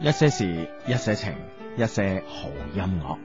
一些事，一些情，一些好音樂。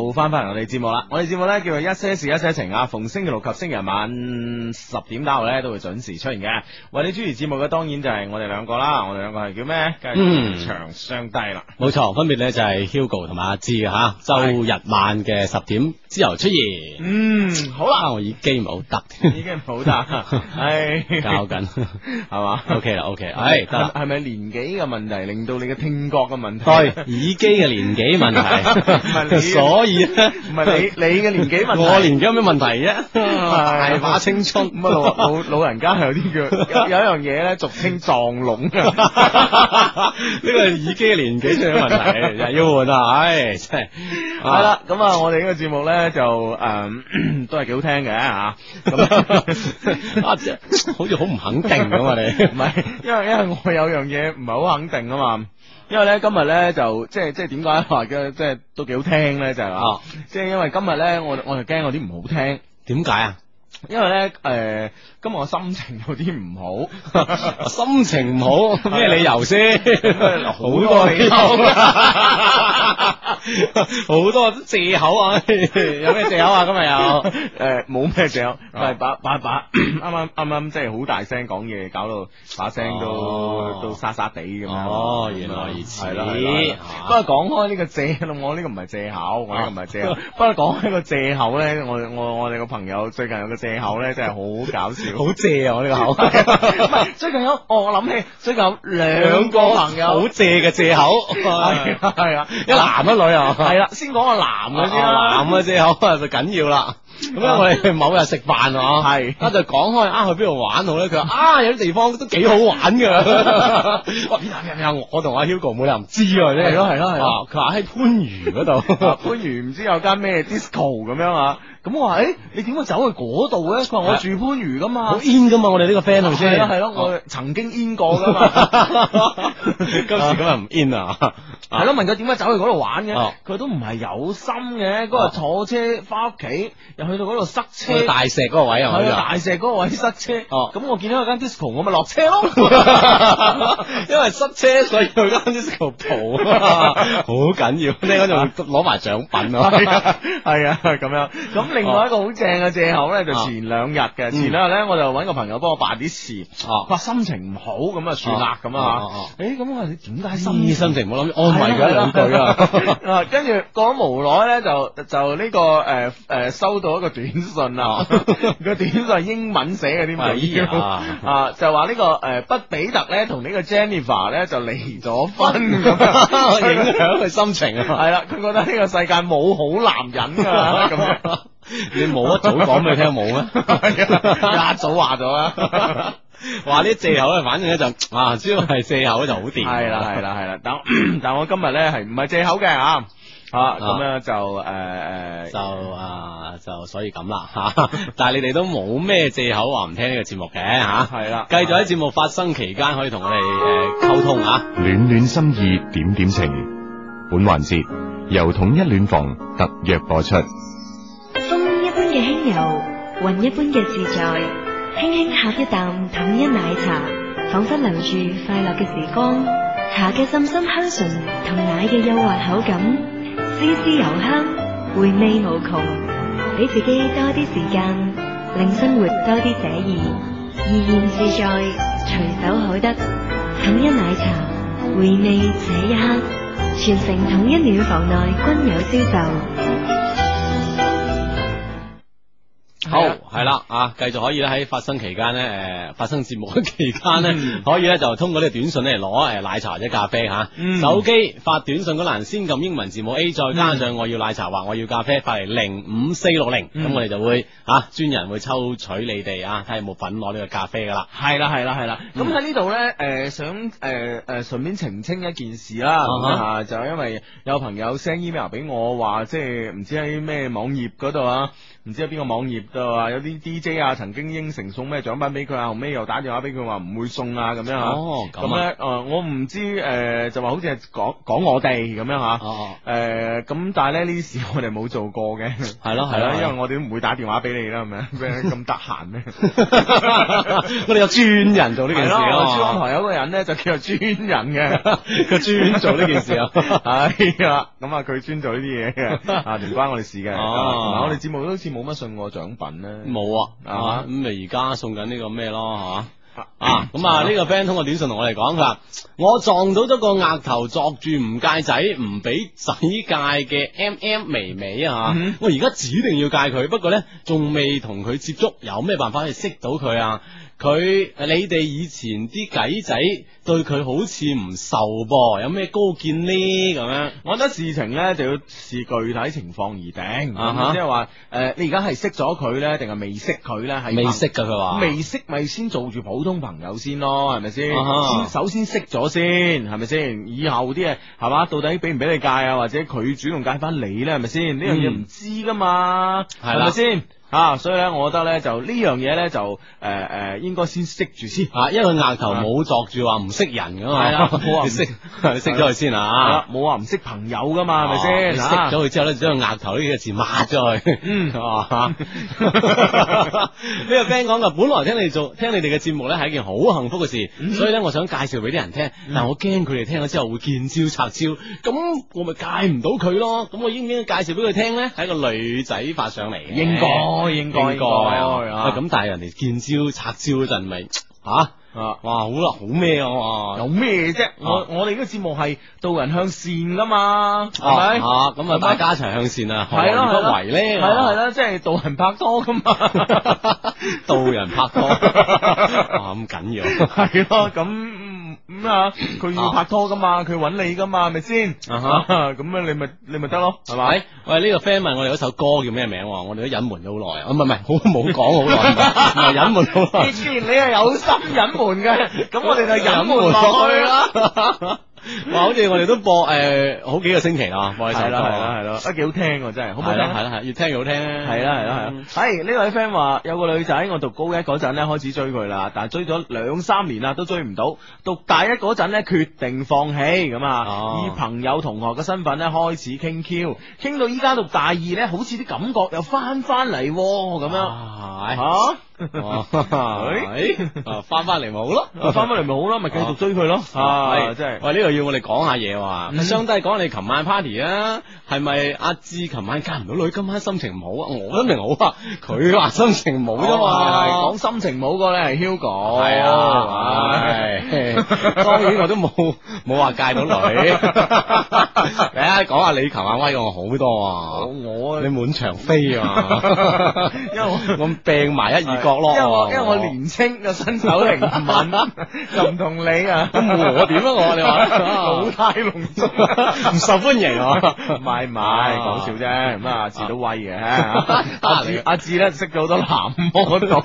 做翻返嚟我哋節目啦，我哋節目咧叫做一些事一些情啊，逢星期六及星期日晚十點打後咧都會準時出現嘅。為你主持節目嘅當然就係我哋兩個啦，我哋兩個係叫咩？嗯，長相低啦，冇錯，分別咧就係 Hugo 同埋阿志嘅吓，周日晚嘅十點之後出現。嗯，好啦，我耳機唔好得，耳機唔好得，唉、 哎，搞緊係嘛？OK 啦，OK，唉、哎，得啦，係咪年紀嘅問題令到你嘅聽覺嘅問題？對，耳機嘅年紀問題， 所唔係你你嘅年紀問題？我年紀有咩問題啫？大把青春，咁啊老老老人家有啲、這、叫、個、有，有一樣嘢咧，俗稱撞聾。呢個耳機年紀出咗問題，又 要換、哎、啊！唉，真係係啦，咁、嗯、啊，我哋呢個節目咧就誒都係幾好聽嘅吓。好似好唔肯定咁啊！你唔係，因為因為我有樣嘢唔係好肯定啊嘛。因為咧今日咧就即係即係點解話嘅即係都幾好聽咧就係話啦，即係，哦，因為今日咧我我就驚嗰啲唔好聽，點解啊？.因為咧，誒、呃，今日我心情有啲唔好， 心情唔好咩理由先？好 多理由，好 多借口啊！有咩借口啊？今日有誒，冇咩借口，係、 呃、 把把把啱啱啱啱即係好大聲講嘢，搞到把聲都、哦、都沙沙地咁。哦，原來如此。啦、啊，不過講開呢個借口，我呢個唔係借口，我呢個唔係借口。啊、不，借口 不過講開個借口咧，我我我哋個朋友最近有個。借口咧，真係好搞笑，好 借啊！我、這、呢個口 最近有，我諗起最近兩個朋友好借嘅借口，係係啊，一男一女男啊，係、啊、啦，先講個男嘅先男嘅借口就緊要啦。咁、啊、樣我哋某日食飯 啊，係一就講開啊去邊度玩好咧？佢話啊有啲地方都幾好玩噶。哇！邊啊邊啊我同阿 Hugo 冇理由唔知啊，係咯係咯係。佢話喺番禺嗰度，番禺唔知有間咩 disco 咁樣。咁我話誒、欸，你點解走去嗰度咧？佢話我住番禺噶嘛，好 in 噶嘛、啊，我哋呢個 friend 係咪？係咯，oh. 我曾經 in 過噶嘛。 今時今日唔 in 啊？係咯，問佢點解走去嗰度玩嘅？佢、oh. 都唔係有心嘅，嗰、oh. 日坐車翻屋企，又去到嗰度塞車，oh. 大石嗰個位係咪？大石嗰個位塞車。哦，咁我見到有間 disco，我咪落車咯。 因為塞車，所以去間 disco 蒲。好 緊 重要，聽講仲攞埋獎品咯。啊，係 啊，咁樣咁。另外一個好正嘅借口咧，就前兩、啊嗯、日嘅前兩日咧，我就搵個朋友幫我辦啲事、啊，話心情唔好，咁啊算啦咁啊，誒、啊，咁、啊欸，你點解心心情唔、欸、好諗？住安慰佢兩句 啊，跟住過咗無耐咧，就就呢、這個誒誒、呃、收到一個短信啊， 個短信係英文寫嘅，點解叫啊？就話、這個呃、呢個誒，畢彼特咧同呢個 Jennifer 咧就離咗婚，影響佢心情啊。係、啊、啦，佢覺得呢個世界冇好男人噶。 這樣 你冇一早講俾你聽冇咩？ 一早話咗啊話呢借口，反正咧就啊，主要係借口就好掂。係啦，係啦，係啦。但我但我今日咧係唔係借口嘅啊，咁、啊、咧就誒誒、呃，就啊就所以咁啦吓。但係你哋都冇咩借口話唔聽呢個節目嘅吓。係、啊、啦，繼續喺節目發生期間可以同我哋誒溝通啊。暖暖心意，點點情，本環節由統一暖房特約播出。嘅輕柔，雲一般嘅自在，輕輕呷一啖統一奶茶，仿佛留住快樂嘅時光。茶嘅深深香醇，同奶嘅幼滑口感，絲絲油香，回味無窮。俾自己多啲時間，令生活多啲寫意，怡然自在，隨手可得。統一奶茶，回味這一刻。全城統一暖房內均有銷售。好係啦，啊，繼續可以咧喺發生期間咧，誒、呃，發生節目嘅期間咧、嗯，可以咧就通過呢個短信咧攞誒奶茶或者咖啡吓、啊嗯，手機發短信嗰陣先撳英文字母 A，再加上我要奶茶話我要咖啡，發嚟零五四六零，咁我哋就會啊專人會抽取你哋啊，睇下有冇份攞呢個咖啡噶啦，係啦係啦係啦，咁喺、嗯、呢度咧誒想誒誒順便澄清一件事啦、uh-huh. 啊，就因為有朋友 send email 俾我話，即係唔知喺咩網頁嗰度啊。唔知邊個網頁度啊？有啲 DJ 啊，曾經應承送咩獎品俾佢啊，後尾又打電話俾佢話唔會送啊，咁樣、哦、樣啊。咁咧，誒，我唔知誒、呃，就話好似係講講我哋咁樣吓、啊。哦。誒、呃，咁但係咧呢啲事我哋冇做過嘅。係咯，係咯，因為我哋唔會打電話俾你啦，咁樣咁得閒咩？ 我哋有專人做呢件事啊嘛。珠江台有個人咧就叫做專人嘅，佢 專做呢件事， 是的、 嗯、事 啊。係啊，咁啊佢專做呢啲嘢嘅啊，唔關我哋事嘅。哦。我哋節目都似冇冇乜信我獎品呢？冇啊，咁咪而家送緊呢個咩咯，吓，啊，咁啊呢個 friend、啊啊啊這個、通過短信同我嚟講，佢話我撞到咗個額頭作住唔戒仔，唔俾仔戒嘅 M M 微微啊，嗯、我而家指定要戒佢，不過呢，仲未同佢接觸，有咩辦法可以識到佢啊？佢，你哋以前啲仔仔對佢好似唔受噃，有咩高見呢？咁樣，我覺得事情呢就要視具體情況而定，即係話，誒、就是呃，你而家係識咗佢呢，定係未識佢呢？係未識噶，佢話未識，咪先做住普通朋友先咯，係咪、uh-huh. 先，先，先？首先識咗先，係咪先？以後啲嘢係嘛？到底俾唔俾你介啊？或者佢主動介翻你呢？係咪先？呢、嗯、樣嘢唔知㗎嘛，係咪先？啊，所以咧，我覺得咧，就樣呢樣嘢咧，就誒誒、呃，應該先識住先啊，因為額頭冇作住話唔識人噶嘛、啊，係啦，冇話唔識，識咗佢先啊，冇話唔識朋友噶嘛，係咪先？啊、識咗佢之後咧，就將額頭呢幾個字抹咗去，嗯，呢個 friend 講噶， 本來聽你做，聽你哋嘅節目咧係一件好幸福嘅事，mm-hmm. 所以咧，我想介紹俾啲人聽，mm-hmm. 但係我驚佢哋聽咗之後會見招拆招，咁我咪介唔到佢咯，咁我應唔應該介紹俾佢聽咧？係 一個女仔發上嚟，應該。可以應該應該啊，咁但係人哋見招拆招嗰陣咪吓，哇好啦，好咩啊？有咩啫，啊？我我哋呢個節目係道人向善噶嘛，係咪？咁啊，是是啊大家一齊向善啊，係咯，啊，圍咧，係咯係咯，即係道人拍拖噶嘛，道 人拍拖咁緊， 啊，要，係咯咁。咁、嗯、啊，佢要拍拖噶嘛，佢揾你噶嘛，係咪先？啊哈，咁啊，你咪你咪得咯，係咪？喂，呢、這個 friend 問我哋嗰首歌叫咩名、啊？我哋都隱瞞咗好耐，啊，唔係唔係，好冇講好耐，唔係隱瞞好耐。既 然你係有心隱瞞嘅，咁我哋就隱瞞落去啦。 哇！好似我哋都播誒、呃、好幾個星期啊，冇你曬啦，係啦係啦，都幾好聽喎，真係，好唔好係啦，越聽越好聽。係啦係啦係啦。誒呢、hey, 位 friend 話有個女仔，我讀高一嗰陣咧開始追佢啦，但係追咗兩三年啦都追唔到。讀大一嗰陣咧決定放棄咁啊、哦，以朋友同學嘅身份咧開始傾 Q，傾到依家讀大二咧，好似啲感覺又翻返嚟喎咁樣吓。啊哦，誒返返嚟咪好咯，返返嚟咪好咯，咪、啊、繼續追佢咯，係、啊哎、真係。喂，呢度要我哋講下嘢話、啊，上帝講你琴晚 party 啊，係咪阿志琴晚戒唔到女，今晚心情唔好啊？我明 心情好啊，佢、哎、話心情唔好啫嘛、哎，講心情唔好個咧係 Hugo，係，當然我都冇冇話戒到女， 哎、說說你講下你琴晚威我好多啊，哦、我你滿場飛啊，因 為、哎、我， 我病埋一二個因為我因為我年青嘅 身手靈唔啱，就唔同你啊，我點啊我你話老 態龍鍾、啊，唔 受歡迎、啊，唔係唔係講笑啫，阿志都威嘅，阿阿志咧識咗好多男 model，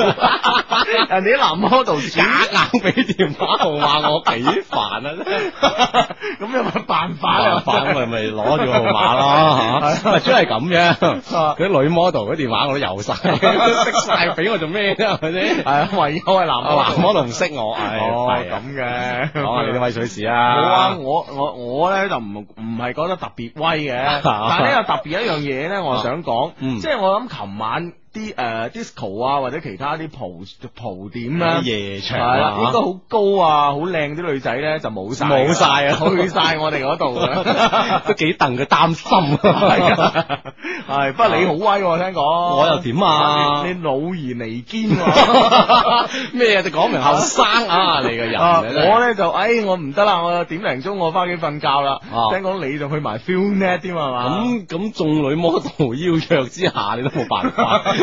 人哋啲男 model 硬俾電話號碼我幾煩啊，咁 有乜辦法啊？咁咪咪攞住個號碼咯，吓、 啊，真要係咁樣，啲、 啊、女 model 啲電話我都有晒，都 識晒，俾我做咩？即係嗰啲，係啊，唯有係男男魔都唔識我，係咁嘅，我你啲威水事啊！好啊，我我我咧就唔唔係覺得特別威嘅， 但係呢個特別一樣嘢咧， 我想說，嗯，我想講，即係我諗琴晚。啲、呃、誒 disco 啊，或者其他啲蒲蒲點啦、啊，夜場係、啊、啦，應該好高啊，好靚啲女仔咧就冇晒。冇晒啊，去晒我哋嗰度， 都幾戥佢擔心、啊。係、 哎，不過你好威、啊，聽講我又點啊你？你老而彌堅喎，咩 啊？你講明後生啊你個人。我咧就誒、哎，我唔得啦，我點零鍾我翻屋企瞓覺啦、啊。聽講你就去埋 full night 添、啊、係嘛？咁咁眾女魔頭邀約之下，你都冇辦法。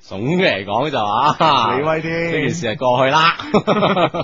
總嘅嚟講就話，你威啲，呢件事係過去啦。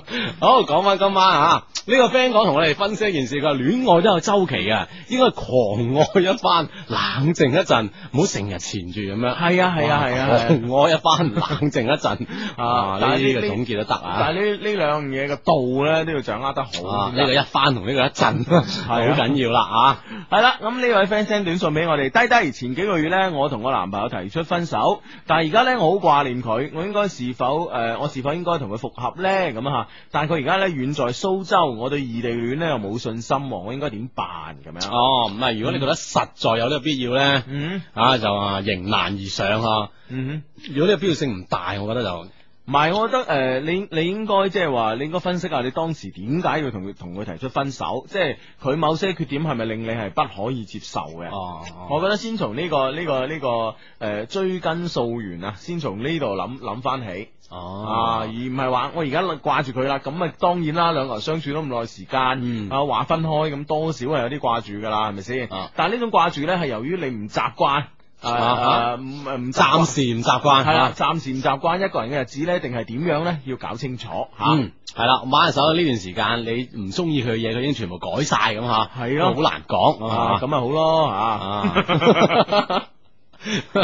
好，講翻今晚啊，呢 個 friend 講同我哋分析一件事噶，戀愛都有周期啊，應該狂愛一番，冷靜一陣，唔好成日纏住咁樣。係啊，係啊，係啊，狂愛、啊、一番， 冷靜一陣 啊。但呢個總結都得、啊。但係呢呢兩樣嘢嘅度咧都要掌握得好。啊。呢、這個一番同呢個一陣，係好緊要啦啊。係啦、啊啊，咁 呢 位 friendsend 短信俾我哋， 低低前幾個月咧，我同我男朋友提出分手。走，但係而家呢，我好掛念佢，我應該是否誒、呃，我是否應該同佢複合呢？咁吓，但係佢而家呢，遠在蘇州，我對異地戀呢，又冇信心喎，我應該點辦咁樣？哦，唔係，如果你覺得實在有呢個必要呢、嗯，啊，就迎難而上啊。嗯哼，如果呢個必要性唔大，我覺得就。唔係，我覺得誒、呃，你你應該即係話，你應該分析下你當時點解要同佢同佢提出分手，即係佢某些缺點係咪令你係不可以接受嘅？哦、啊啊，我覺得先從呢、這個呢、這個呢、這個誒、呃、追根溯源從啊，先從呢度諗諗翻起。哦，而唔係話我而家掛住佢啦，咁啊當然啦，兩個人相處咗咁耐時間、嗯，啊話分開咁多少係有啲掛住噶啦，係咪先？但係呢種掛住呢係由於你唔習慣。誒、呃、誒，唔、呃、暫時唔習慣係啦，暫、啊、時唔習慣一個人嘅日子咧，定係點樣咧？要搞清楚吓。嗯，係、啊、啦，馬下手呢段時間，你唔中意佢嘅嘢，佢已經全部改晒咁吓，係咯，好難講，咁咪好咯吓。啊，呢、啊啊啊啊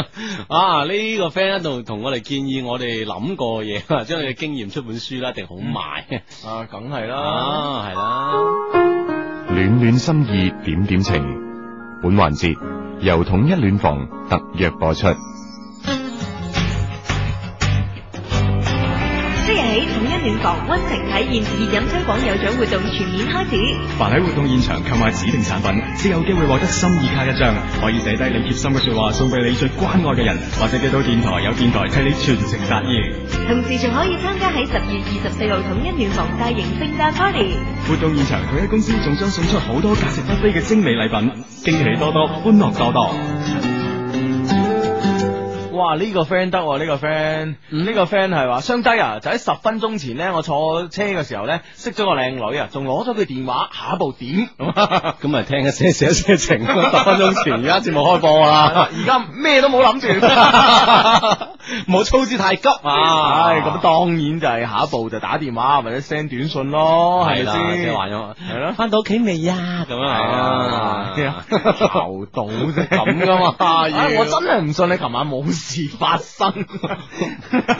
啊 啊呢個 friend 喺度同我哋建議，我哋想東西，我哋諗過嘢，將佢嘅經驗出本書啦，一定好賣。啊，梗係啦，係、啊、啦、啊。暖暖心意，點點情，本環節由統一暖房特約播出。喺統一暖房溫情體驗熱飲推廣有獎活動全面開始，凡喺活動現場購買指定產品，只有機會獲得心意卡一張，可以寫低你貼心嘅說話送俾你最關愛嘅人，或者寄到電台，有電台替你全程達意。同時仲可以參加喺十月二十四號統一暖房大型聖誕 party 活動現場，佢喺公司仲將送出好多價值不菲嘅精美禮品，驚喜多多，歡樂多多。哇！呢、這個 friend 得呢個 friend 呢、嗯這個 friend 係話雙低啊！就喺十分鐘前咧，我坐車嘅時候咧，識咗個靚女啊，仲攞咗佢電話，下一步點咁？咁啊，聽一些事一些情。 十分鐘前，而家節目開播啦，而家咩都冇諗住，冇 操之太急啊！唉、哎，咁當然就係下一步就打電話或者 send 短信咯，係咪先？先玩咗，係咯？翻到屋企未啊？咁啊？流動啫，咁噶嘛？我真係唔信你琴晚冇。事發生，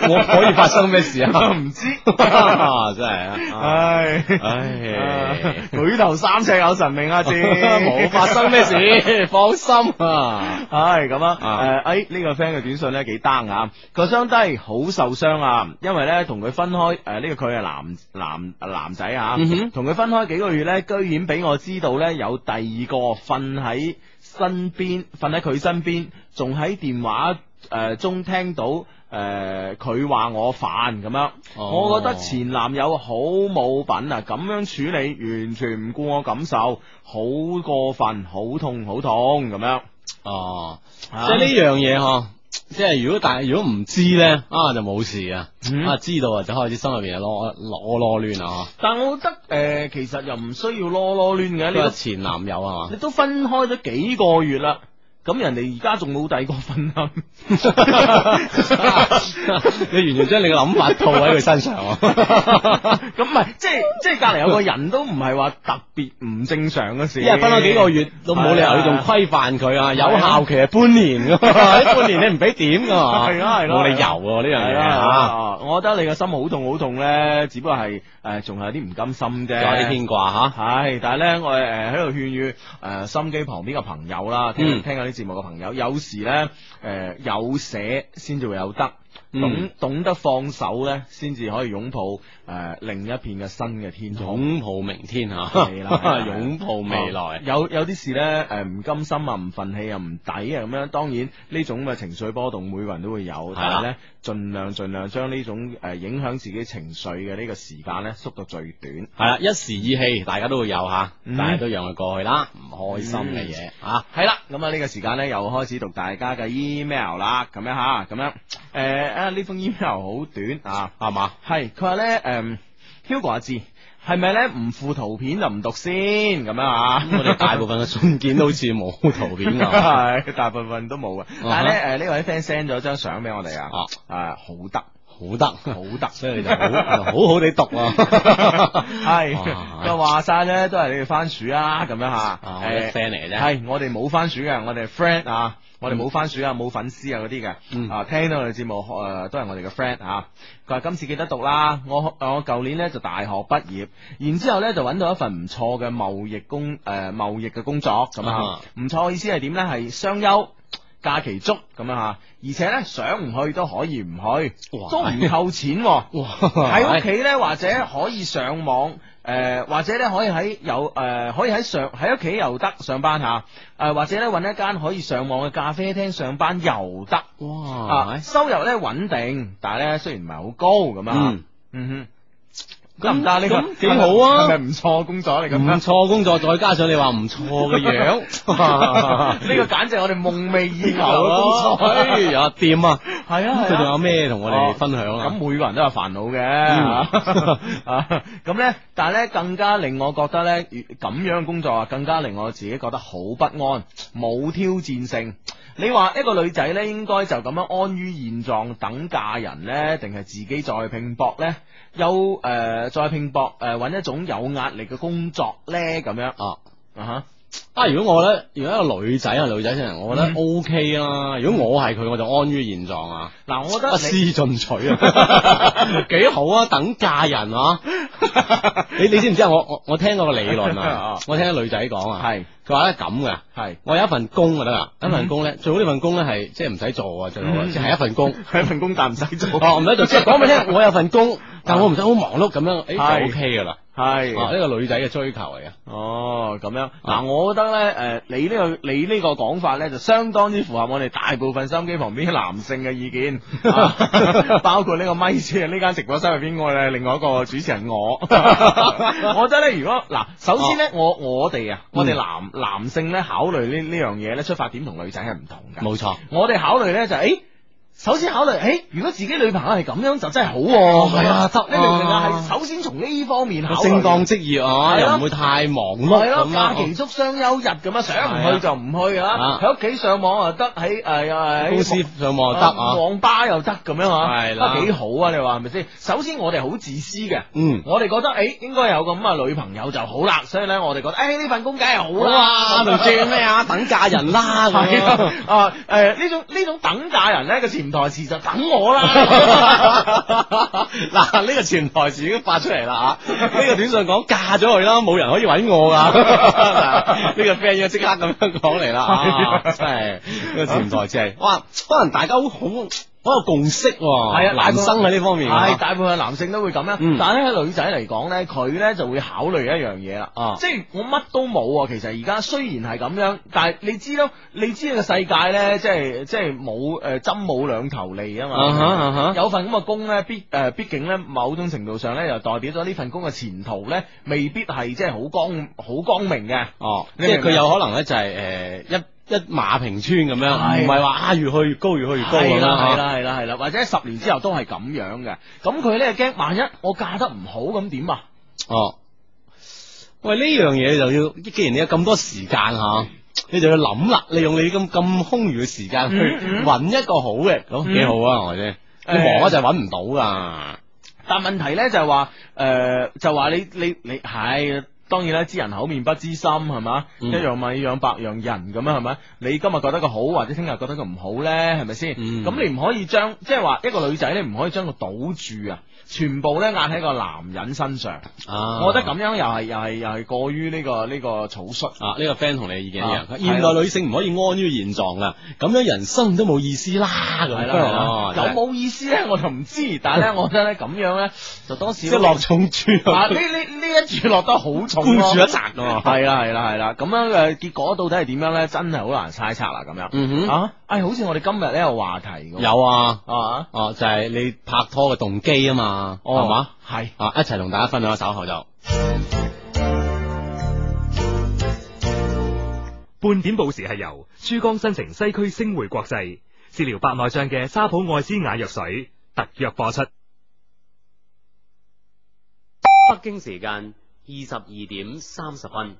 我可以發生咩事啊？唔 知，啊啊、真係啊！唉唉，舉頭三尺有神明啊！先冇發生咩事，啊，放心。唉，咁啊！誒，哎，呢個 friend 嘅短信咧幾 down 啊！個傷低好受傷啊！因為咧同佢分開，誒呢個佢係男，男男男仔啊！同佢分開幾個月咧，居然俾我知道咧有第二個瞓喺身邊，瞓喺佢身邊，仲喺電話。誒、呃，中聽到誒，佢、呃、話我煩咁樣、哦，我覺得前男友好冇品啊，咁樣處理完全唔顧我感受，好過分，好痛，好痛咁樣。哦，即係呢樣嘢嗬，即係如果大，如果唔知呢、嗯，啊就冇事、嗯、啊，知道就開始心入邊攞攞攞亂啊。但係我覺得誒、呃，其實又唔需要攞攞亂嘅呢個前男友係嘛，你都分開咗幾個月啦。咁人哋而家仲冇第個分啊， 你完全將你嘅諗法套喺佢身上。咁 唔那不 即係即係隔離有個人都唔係話特別唔正常嘅事。一日分咗幾個月都冇理由，你仲規範佢啊，啊？有效期係半年㗎，喺、啊、 半年你唔俾點㗎？係啊，係咯、啊，冇理由㗎呢樣嘢，我覺得你嘅心好痛好痛咧，只不過係仲係有啲唔甘心啫，有啲牽掛吓，係、啊，但係咧我誒喺度勸喻誒、呃、心機旁邊嘅朋友啦，聽下節目嘅朋友，有時咧，誒、呃，有捨先至會有得，懂懂得放手咧，先至可以擁抱。誒、呃，另一片嘅新嘅天空，擁抱明天吓，係啦，擁抱未來。有有啲事咧，誒、呃，唔甘心啊，唔憤氣啊，唔抵啊，咁樣。當然呢種咁嘅情緒波動，每個人都會有，但係咧，儘量儘量將呢種誒、呃，影響自己情緒嘅呢個時間咧，縮到最短。係啦，一時意氣，大家都會有吓，但係都讓佢過去啦。唔、嗯，開心嘅嘢啊，係啦。咁啊，呢、這個時間咧又開始讀大家嘅 email 啦，咁樣吓，咁樣。誒誒呢封 email 好短啊，係嘛？係，佢話咧，誒、呃。嗯、Hugo 阿志，係咪咧唔附圖片就唔讀先？咁樣、嗯、啊，我哋大部分嘅信件都好似冇圖片噶， 大部分都冇嘅。Uh-huh. 但係咧，誒呢位 friend send 咗張相俾我哋、uh-huh. 啊，啊好得。好得好得，所以你就， 就好好好地讀啊，係 又話晒呢， 都係你哋番薯啊，咁樣吓，friend 嚟啫。係我哋冇番薯嘅，我哋係 friend 啊，我哋冇番薯啊，冇、啊嗯啊、粉絲啊嗰啲嘅，啊聽到我哋節目誒、呃，都係我哋嘅 friend 啊。佢話今次記得讀啦，我我舊年呢就大學畢業，然之後呢就揾到一份唔錯嘅貿易工誒貿、呃、易嘅工作咁啊，唔錯，嗯、錯，意思係點呢？係雙休。假期足咁樣吓，而且呢，想唔去都可以唔去，都唔扣錢、啊。喺屋企呢。或者可以上網，誒、呃或，呃呃、或者呢可以喺有誒可以喺上喺屋企又得上班吓，誒或者呢搵一間可以上網嘅咖啡廳上班又得。哇，啊、收入呢穩定，但係呢雖然唔係好高咁樣嗯，嗯哼。咁但係你咁幾好啊？唔錯工作嚟、啊、噶，唔錯工作，再加上你話唔錯嘅樣，呢、 啊這個簡直係我哋夢寐以求嘅工作。哎 呀，掂啊！係啊，佢仲、啊啊啊啊、有咩同我哋分享啊？咁、啊、每個人都有煩惱嘅咁咧，但係咧，更加令我覺得咧，咁樣嘅工作啊，更加令我自己覺得好不安，冇挑戰性。你話一個女仔咧，應該就咁樣安於現狀等嫁人呢定係自己再拼搏呢？有誒、呃，再拼搏誒，搵、呃、一種有壓力嘅工作呢？咁樣啊啊吓？Uh-huh. 啊，如果我呢，如果一個女仔啊，女仔先，我覺得 O K 啊。如果我係佢，我就安於現狀啊。嗱、啊，我覺得不思進取啊，幾 好啊，等嫁人啊。 你你知唔知我我我聽個理論啊，我聽女仔講啊，係、 啊。嘅話咧咁嘅，係我有一份工㗎得啦。一份工咧，最好呢份工咧係即係唔使做最好，即係一份工，係、嗯、 一份工但唔使做。哦，唔使做，即係講俾聽，我有份工，但我唔使好忙碌咁樣，誒、欸、就 O K 噶啦。係呢、啊，這個女仔嘅追求嚟嘅。哦，咁樣嗱、啊啊，我覺得咧誒，你，這個、你個法呢個你呢個講法咧就相當之符合我哋大部分收音機旁邊男性嘅意見， 啊、包括呢個咪前啊，呢間直播室入邊個咧，另外一個主持人我， 我覺得咧，如果嗱、啊，首先咧，我我哋啊，我哋、嗯、男。男性咧考慮呢呢樣嘢咧出發點，同女仔係唔同嘅，冇錯，我哋考慮咧就誒、是。欸首先考慮，誒、欸，如果自己女朋友係咁樣，就真係好，係啊，得呢樣嘢係首先從呢方面，正當職業，又唔會太忙咯、啊，係咯，假期足雙休日咁啊，想唔去就唔去啊，喺屋企上網啊，得，喺誒誒，公司上網又得、啊啊啊，網吧又得咁樣啊，係、啊、啦，都幾好啊，你話係咪先？首先我哋好自私嘅，嗯，我哋覺得誒、欸、應該有個咁嘅女朋友就好啦，所以咧我哋覺得誒呢、欸、份工梗係好啦、啊，仲轉咩啊？等嫁人啊啦啊誒呢、啊啊、種呢種，種等嫁人咧個前。前台詞就等我啦，嗱呢個潛台詞已經發出嚟啦啊！ 呢個短信講嫁咗佢啦，冇人可以搵我的啊， 這這啊！ 呢個 friend 要即刻咁樣講嚟啦，真係呢個潛台詞係哇，可能大家好好。嗰、哦、個共識係、哦、啊，男生喺呢方面係大部分男性都會咁樣、嗯啊、樣，但係喺女仔嚟講咧，佢咧就會考慮一樣嘢啦，即係我乜都冇啊。其實而家雖然係咁樣，但係你知咯，你知呢個世界咧、就是，即係即係冇誒，針冇兩頭利嘛啊嘛、啊。有份咁嘅工咧，必誒，畢、呃、竟咧，某種程度上咧，又代表咗呢份工嘅前途咧，未必係即係好光好光明嘅。哦、啊，即係佢有可能咧就係、是、誒、呃、一。一馬平川咁樣，唔係話啊越去越高越去越高咁啦係係啦係啦係啦，或者十年之後都係咁樣嘅。咁佢咧驚萬一我嫁得唔好咁點啊？哦，喂呢樣嘢就要，既然你有咁多時間吓，你就要諗啦。利用你咁咁空餘嘅時間去搵一個好嘅，咁、嗯、幾、嗯嗯、好啊，我、嗯、哋。你忙就係揾唔到噶。但問問題咧就係、是、話，誒、呃、就話你你你係。當然啦，知人口面不知心，係嘛、嗯？一樣米養百樣人咁樣係咪？你今日覺得佢好，或者聽日覺得佢唔好咧，係咪先？咁、嗯、你唔可以將即係話一個女仔你唔可以將佢堵住啊！全部咧壓喺個男人身上，啊我覺得咁樣又係又係又係過於呢、這個呢、這個草率啊！呢、這個 friend 同你意見一樣，現、啊、代女性唔可以安於現狀啦，咁樣人生都冇意思啦，咁係啦，有冇意思咧？我就唔知，但係咧，我覺得咧咁樣咧， 就當時即係落重注啊！呢呢呢一注 落得好重，孤 注一擲咯、啊，係啦係啦係啦，咁樣嘅結果到底係點樣咧？真係好難猜測啦，咁樣，嗯哼，哎，好似我哋今日呢有話題，有啊，啊，哦、啊啊，就係、是、你拍拖嘅動機啊嘛。啊，係、oh，嘛，係啊，一齊同大家分享一首，稍後就半點報時係由珠江新城西區星匯國際治療白內障嘅沙普愛斯雅藥水特約播出。北京時間二十二點三十分。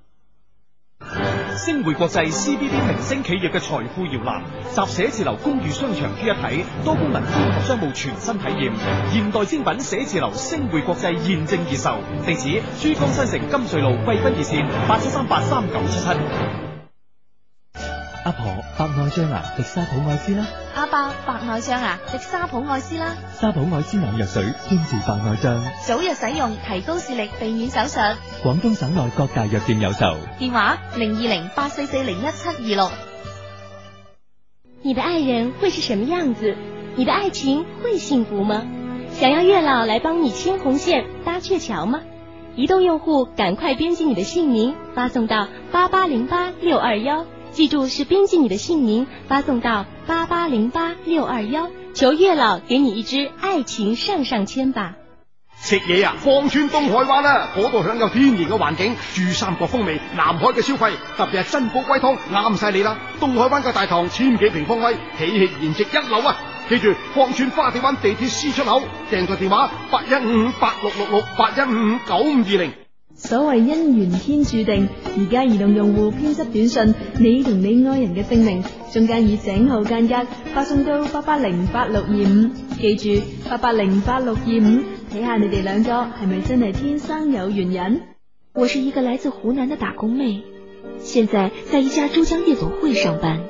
星匯國際 CBD 明星企業嘅財富搖籃，集寫字樓、公寓、商場於一體，多功能綜合商務全新體驗。現代精品寫字樓星匯國際，現正熱售。地址：珠江新城金穗路貴賓熱線八七三八三九七七。阿婆白內障啊，食沙普愛斯啦。阿爸白內障啊，食沙普愛斯啦。沙普愛斯眼藥水專治白內障，早日使用，提高視力，避免手術。廣東省內各大藥店有售。電話零二零八四四零一七二六。你的愛人會是什麼樣子？你的愛情會幸福嗎？想要月老來幫你牽紅線、搭鵲橋嗎？移動用戶趕快編輯你的姓名，發送到八八零八六二幺。記住，是編輯你的姓名，發送到八八零八六二幺，求月老給你一支愛情上上籤吧。食嘢啊，芳村東海灣啦、啊，嗰度享有天然嘅環境，珠三角風味，南海嘅消費，特別係珍寶龜湯，啱晒你啦。東海灣嘅大堂，千幾平方米，喜氣筵席一流啊。記住，芳村花地灣地鐵 C 出口，訂台電話八一五五八六六六八一五五九五二零。所謂姻緣天注定，而家移動用戶編輯短信，你同你愛人嘅姓名，中間以井號間隔，發送到八八零八六二五，記住八八零八六二五，睇下你哋兩個係咪真係天生有緣人？我是一個來自湖南的打工妹，現在在一家珠江夜總會上班，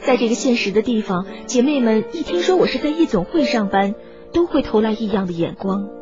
在這個現實的地方，姐妹們一聽說我是在夜總會上班，都會投來異樣的眼光。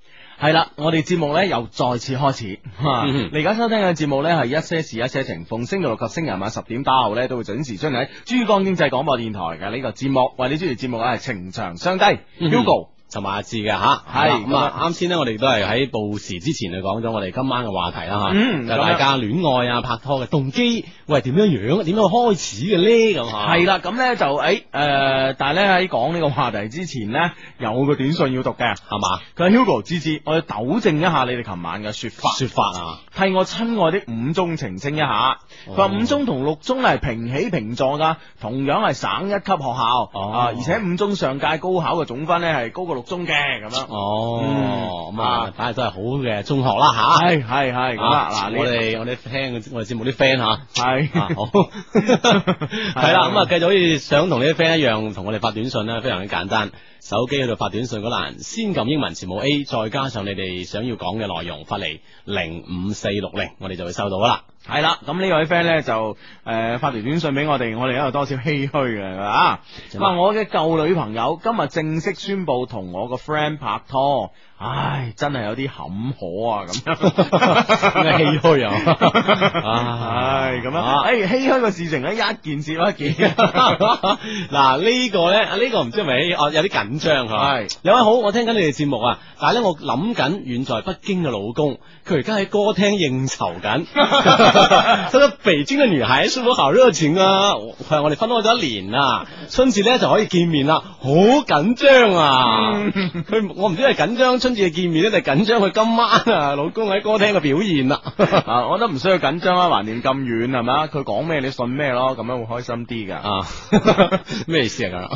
係啦，我哋節目咧又再次開始吓。嗯、你而家收聽嘅節目咧係一些事一些情，逢星期六及星期日晚十點打後咧都會準時將你喺珠江經濟廣播電台嘅呢個節目。為你主持節目係情長相低，Hugo。嗯同埋阿志嘅吓，係咁啊！啱先咧，我哋都係喺報時之前就講咗我哋今晚嘅話題啦吓，就、嗯、大家戀愛啊、拍拖嘅動機，喂點樣樣？點樣開始嘅咧咁吓？係啦，咁咧就誒誒、欸呃，但係咧喺講呢個話題之前咧，有個短信要讀嘅，係嘛？佢係 Hugo 芝芝，我要糾正一下你哋琴晚嘅說法，說法啊，替我親愛的五中澄清一下。佢、嗯、話五中同六中係平起平坐噶，同樣係省一級學校、哦、啊，而且五中上屆高考嘅總分咧係高過六中嘅咁樣哦，咁、嗯嗯嗯、啊，睇係都係好嘅中學啦吓，係係係，咁啦嗱，我哋我哋聽我哋節目啲 friend 吓，係、啊、好，係 啦 對了，咁 啊，繼續好似想同你啲 friend 一樣，同我哋發短信啦，非常之簡單。手機喺度發短信嗰欄，先撳英文字母 A，再加上你哋想要講嘅內容，發嚟零五四六零，我哋就會收到噶啦。係啦，咁呢位 friend 呢，就誒、呃、發條短信俾我哋，我哋都有多少唏嘘嘅吓。話我嘅舊女朋友今日正式宣布同我個 friend 拍拖。唉，真係有啲坎坷啊，咁，唏嘘啊！ 唉，咁樣，唉、啊，唏嘘嘅事情咧一件接一,一件。嗱， 這個、呢、這個咧，呢個唔知係咪哦，有啲緊張係， 有位好，我聽緊你哋節目啊，但係咧我諗緊遠在北京嘅老公，佢而家喺歌廳應酬緊。嗰個北京嘅女孩是否好熱情啊？係 我哋分開咗一年啊，春節咧就可以見面啦，好緊張啊！佢、嗯、 我唔知係緊張出。跟住見面咧，就緊張佢今晚啊，老公喺歌廳嘅表現啦、啊。 啊，我都唔需要緊張啦，橫掂咁遠係咪啊？佢講咩，你信咩咯？咁樣會開心啲㗎。啊，咩意思啊？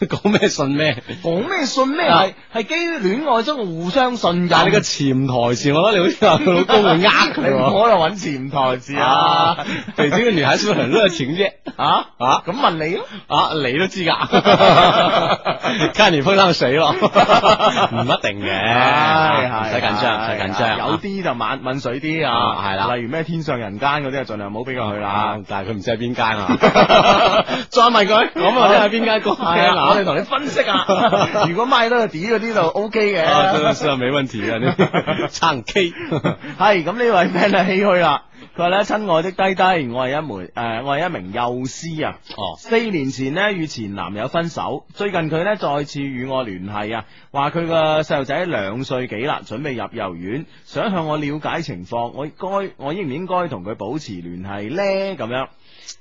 講咩信咩？講咩信咩係係基於戀愛中互相信噶。嗯、你個潛台詞，我覺得你好似話佢老公會呃佢。唔 可能搵潛台詞啊！啊啊肥仔跟女喺小林都有錢啫。啊啊！咁、啊、問你咯。啊，你都知㗎？嘉 年 風嬲死咯，唔 一定嘅。係、啊，唔使緊張，唔使緊張。有啲就慢，文水啲啊，係、啊、啦。例如咩天上人間嗰啲，盡量唔好俾佢去啦。但係佢唔知喺邊間，再問佢他。咁 啊 是的，即係邊間歌？係我哋同你分析啊。如果麥得 D 嗰啲就 OK 嘅、啊。啊，真係未問題呢？撐 K。係， 咁呢位 man 就唏噓啦。佢話咧，親愛的低低，我係一枚誒，我係一名幼師啊。哦，四年前咧與前男友分手，最近佢咧再次與我聯繫啊，話佢個細路仔兩歲幾啦，準備入幼兒園，想向我了解情況，我該我應唔應該同佢保持聯繫咧？咁樣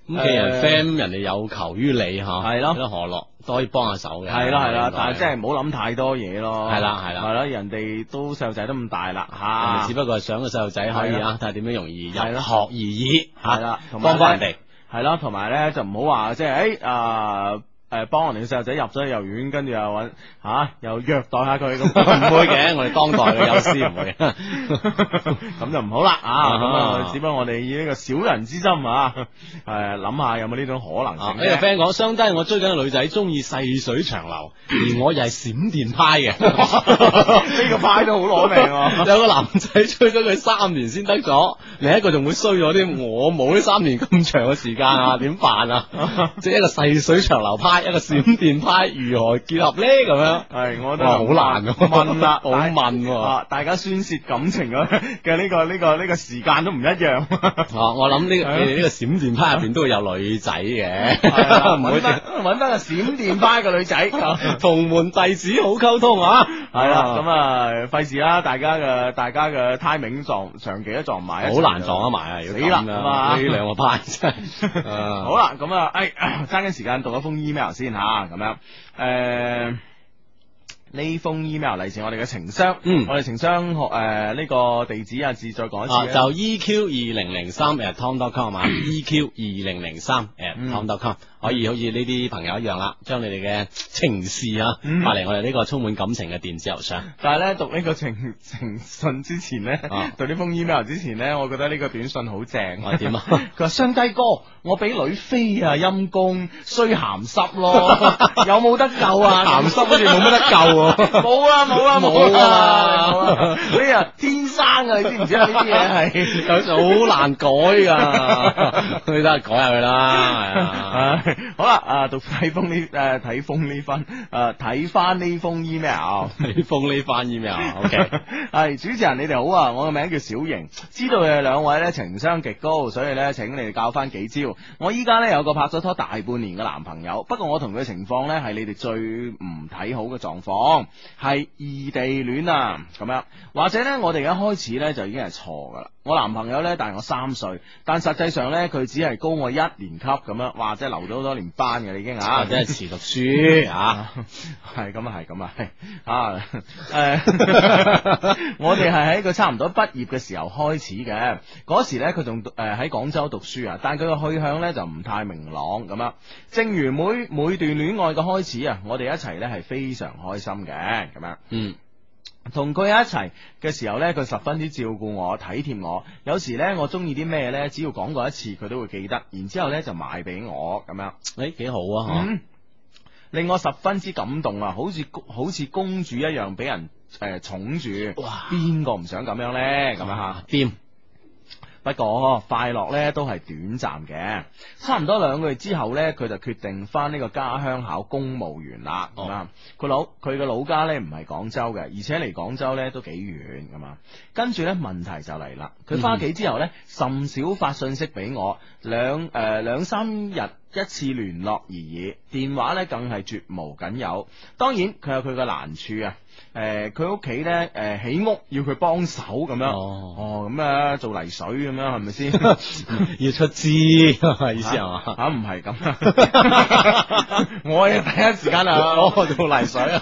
咁既然 friend 人哋有求於你吓，係咯何樂？都可以幫下手嘅，係啦係啦，但係即係唔好諗太多嘢咯。係啦係啦，係啦，人哋都細路仔都咁大啦，吓，只不過係想個細路仔可以啊，但係點樣容易入，係啦，學而已，係啦，吓，幫幫人哋。係啦，同埋咧就唔好話即係誒啊。誒、呃，幫我哋細路仔入咗去幼兒園，跟住又搵吓、啊，又虐待下佢咁，唔會嘅， 我哋當代嘅幼師唔會，咁 就唔好啦啊！咁啊，只不過我哋以呢個小人之心啊，係諗下有冇呢種可能性？呢個 friend 講，相低我追緊個女仔中意細水長流，而我又係閃電派嘅，呢 個派都好攞命、啊。 有個男仔追咗佢三年先得咗，另一個仲會衰咗啲，我冇呢三年咁長嘅時間啊，點辦啊？ 即係一個細水長流派。一個閃電派如何結合咧？咁樣係，我都好、哦、難咁、嗯嗯嗯、問，好問啊！大家宣泄感情嘅嘅呢個呢、這個呢、這個時間都唔一樣。哦、啊，我諗呢、這個，你哋呢個閃電派入邊都會有女仔嘅，搵返搵返個閃電派嘅女仔，同、啊、門弟子好溝通啊！係啦，咁、嗯、啊，費事啦，大家嘅大家嘅 timing 撞長期都撞唔埋，好難撞得、啊、埋啊！死啦，呢、啊、兩個派真係好啦，咁啊，哎，爭緊時間讀一封 email。先吓咁、啊、樣誒，呢、呃、封 email 嚟自我哋嘅情商，嗯，我哋情商學誒呢、呃這個地址啊，自再改一、啊、就 EQ 二零零三誒 Tom dot com 啊、嗯、嘛，EQ 二零零三誒 Tom dot com。可以好似呢啲朋友一樣啦，將你哋嘅情事啊，發嚟我哋呢個充滿感情嘅電子郵箱、嗯。但係咧，讀呢個情情信之前咧、啊，讀呢封 email 之前咧，我覺得呢個短信好正。點啊？佢話雙低哥，我俾女飛啊，陰公衰咸濕咯， 有冇得救啊？咸濕跟住冇乜得救。冇啊冇啊冇啊！你 呀、啊，啊,啊,啊,啊,啊天生噶、啊， 你知唔知 你啊？呢啲嘢係好難改噶，你得改下佢啦，係啊。好啦，讀睇封呢，誒睇封呢翻，誒睇翻呢封 email，睇封呢翻 email，OK，係主持人你哋好啊，我嘅名叫小瑩，知道嘅兩位呢，情商極高，所以呢，請你哋教翻幾招。我依家呢，有個拍咗拖大半年嘅男朋友，不過我同佢嘅情況呢，係你哋最唔睇好嘅狀況，係異地戀啊咁樣，或者呢，我哋一開始呢，就已經係錯噶啦。我男朋友呢大我三歲，但實際上呢，佢只係高我一年級咁、啊 啊、樣，或者留咗好多年班嘅，已經啊，或者係遲讀書啊，係咁啊，係咁啊，誒，我哋係喺佢差唔多畢業嘅時候開始嘅，嗰時呢，佢仲誒喺廣州讀書啊，但佢嘅去向呢就唔太明朗咁樣。正如每每段戀愛嘅開始啊，我哋一齊呢係非常開心嘅，咁樣，嗯。同佢一齊嘅時候呢，佢十分之照顧我、體貼我。有時呢，我中意啲咩呢？只要講過一次，佢都會記得。然之後呢，就買俾我咁樣。誒、欸，幾好啊！吓、嗯啊，令我十分之感動啊，好似好似公主一樣俾人誒寵、呃、住。哇！邊個唔想咁樣呢？咁樣吓掂。啊不過快樂咧都係短暫嘅，差唔多兩個月之後呢，佢就決定翻呢個家鄉考公務員啦。咁佢老佢嘅老家呢，唔係廣州嘅，而且嚟廣州呢都幾遠咁。跟住呢，問題就嚟啦，佢翻屋企之後呢，甚少發信息俾我，兩誒兩三日一次聯絡而已，電話呢更係絕無僅有。當然佢有佢嘅難處啊。誒、呃，佢屋企咧，誒、呃，起屋要佢幫手咁樣，oh. 哦，哦，咁啊，做泥水咁樣係咪先？是是 要出資資，意思係嘛？啊，唔係咁， 我第一時間 啊，攞我做泥水啊，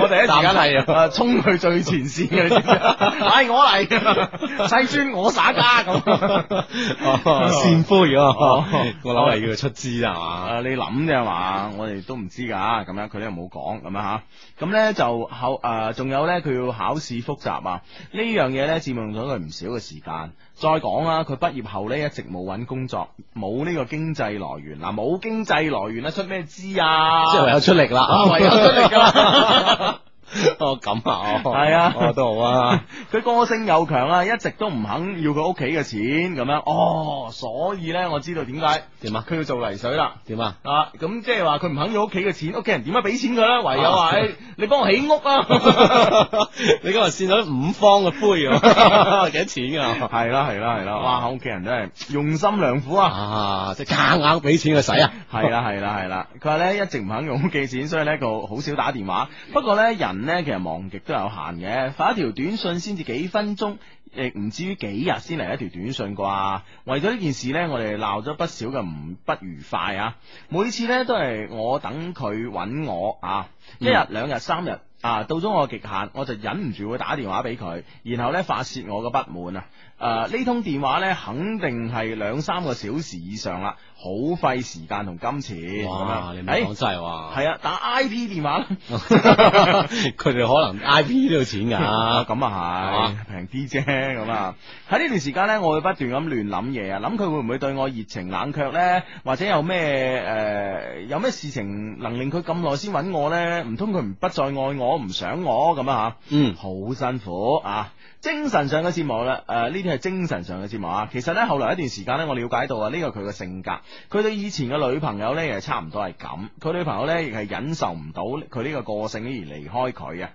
我第一時間嚟啊，衝去最前線嘅，你、哎、我嚟砌川砌磚我耍家咁，扇、 啊 啊 啊、善灰咯、 啊，我諗係要出資啊嘛？你諗啫嘛，我哋都唔知噶，咁樣佢咧又冇講，咁樣吓，咁咧就後誒。仲有呢佢要考試複習啊！呢樣嘢呢佔用咗佢唔少嘅時間。再講啊，佢畢業後呢一直冇揾工作，冇呢個經濟來源。嗱，冇經濟來源呢，出咩資啊？即係唯有出力啦， 唯有出力噶啦。 哦咁啊，係、哦、啊，都、哦、好啊。佢 個性又強啊，一直都唔肯要佢屋企嘅錢咁樣。哦，所以咧，我知道點解點啊，佢要做泥水啦。點啊？咁即係話佢唔肯要屋企嘅錢，屋、啊、企人點樣俾錢佢咧？唯有話你幫、啊、我起屋啊！ 你今日扇咗五方嘅灰，幾多錢啊？係 啦、啊，係啦、啊，係啦、啊！哇，屋企人都係用心良苦啊！即係硬硬俾錢佢使啊！係啦、啊，係 啦、啊，係啦、啊！佢話咧一直唔肯用屋企錢，所以咧就好少打電話。不過咧人。呢其實忙極都有限嘅，發一條短信先至幾分鐘，亦唔至於幾日先嚟一條短信啩。為咗呢件事呢，我哋鬧咗不少嘅唔不愉快啊！每次呢都係我等佢揾我啊，一日兩日三日啊，到咗我極限，我就忍唔住會打電話俾佢，然後呢發洩我嘅不滿啊！誒、啊，呢通電話呢，肯定係兩三個小時以上啦，好費時間同金錢。你唔講真係哇？係、欸、啊，打 I P 電話，佢哋 可能 I P 都要錢噶。咁啊係，平啲啫。咁啊，喺 呢、啊、段時間呢，我會不斷咁亂諗嘢啊，諗佢會唔會對我熱情冷卻呢？或者有咩誒、呃，有咩事情能令佢咁耐先揾我呢？唔通佢唔不再愛我，唔想我咁啊？吓，嗯，好辛苦啊。精神上嘅折磨啦，誒呢啲係精神上嘅折磨啊。其實呢，後來一段時間呢，我了解到啊，呢、這個佢嘅性格，佢對以前嘅女朋友呢，亦係差唔多係咁。佢女朋友呢，亦係忍受唔到佢呢個個性而離開佢啊。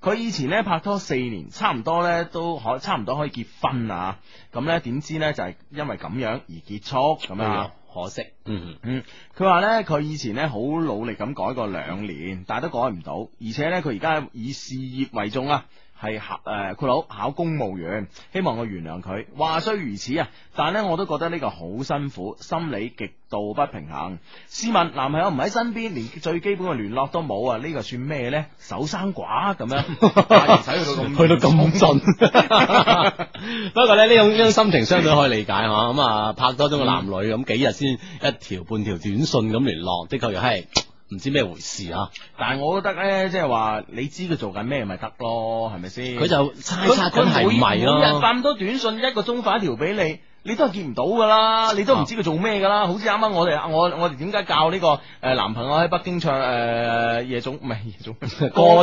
佢以前呢，拍拖四年，差唔多呢，都可，差唔多可以結婚、mm-hmm. 啊。咁呢，點知呢，就係、是、因為咁樣而結束，咁、mm-hmm. 樣、啊 mm-hmm. 可惜。嗯嗯，佢話呢，佢以前呢，好努力咁改過兩年，mm-hmm. 但係都改唔到，而且呢，佢而家以事業為重啊。係合誒，佢、呃、老考公務員，希望我原諒佢。話雖如此啊，但咧我都覺得呢個好辛苦，心理極度不平衡。試問男朋友唔喺身邊，連最基本嘅聯絡都冇啊？呢、呢個算咩呢？守生寡咁樣，使佢到咁，去到咁盡。 不過咧，呢種呢種心情相對可以理解吓。咁、嗯、啊， 拍拖中嘅男女咁幾日先一條半條短信咁聯絡，的確又係。唔知咩回事啊！但係我覺得咧，即係話你知佢做緊咩咪得咯，係咪先？佢就猜猜、啊、都係唔係咯？發咁多短信，一個鐘發一條俾你，你都係見唔到噶啦，你都唔知佢做咩噶啦。好似啱啱我哋我我哋點解教呢、這個誒、呃、男朋友喺北京唱誒、呃、夜總唔係夜總歌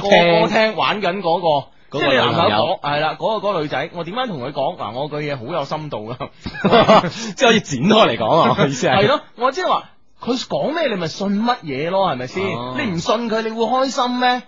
廳歌廳玩緊嗰、那個，即係你男朋友係啦嗰個嗰、那個女仔。我點解同佢講嗱？我句嘢好有深度噶，即係可以展開嚟講啊！我意思係係咯，我即係話。佢講咩你咪信乜嘢咯，係咪先？你唔信佢，你會開心咩？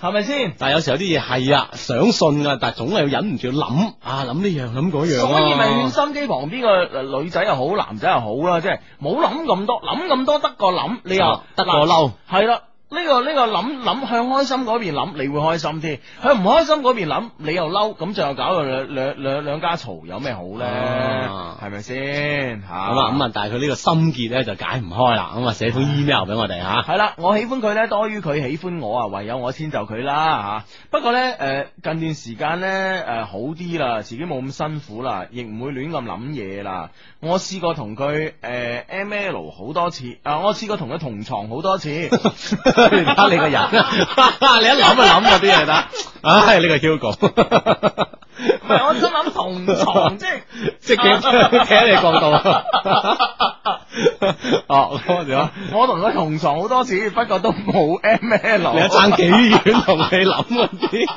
係咪先？但係有時候有啲嘢係啊，想信啊，但係總係要忍唔住諗啊，諗呢樣諗嗰樣，所以咪勸心機旁邊個女仔又好，男仔又好啦，即係冇諗咁多，諗咁多得個諗，你又、啊、得個嬲，係啦。呢、這個呢、這個諗諗向開心，嗰邊諗，你會開心啲；向唔開心嗰邊諗，你又嬲，咁就搞到兩兩兩家嘈，有咩好呢？係咪先？咁啊咁啊，啊，啊，啊，但係佢呢個心結呢，就解唔開啦。咁啊，寫封 email 俾我哋吓。係、啊、啦，我喜歡佢呢，多於佢喜歡我啊，唯有我遷就佢啦吓。不過呢，誒、呃，近段時間呢，誒、呃、好啲啦，自己冇咁辛苦啦，亦唔會亂咁諗嘢啦。我試過同佢誒 ML 好多次，啊、呃，我試過同佢同床好多次。 得你，你個人，你一諗就諗嗰啲嘢啦。唉，呢、 啊、個 Hugo 我心諗同床 即係即係企喺你角度。哦 我同佢同床好多次，不過都冇 M L。你爭幾遠同你諗嗰啲？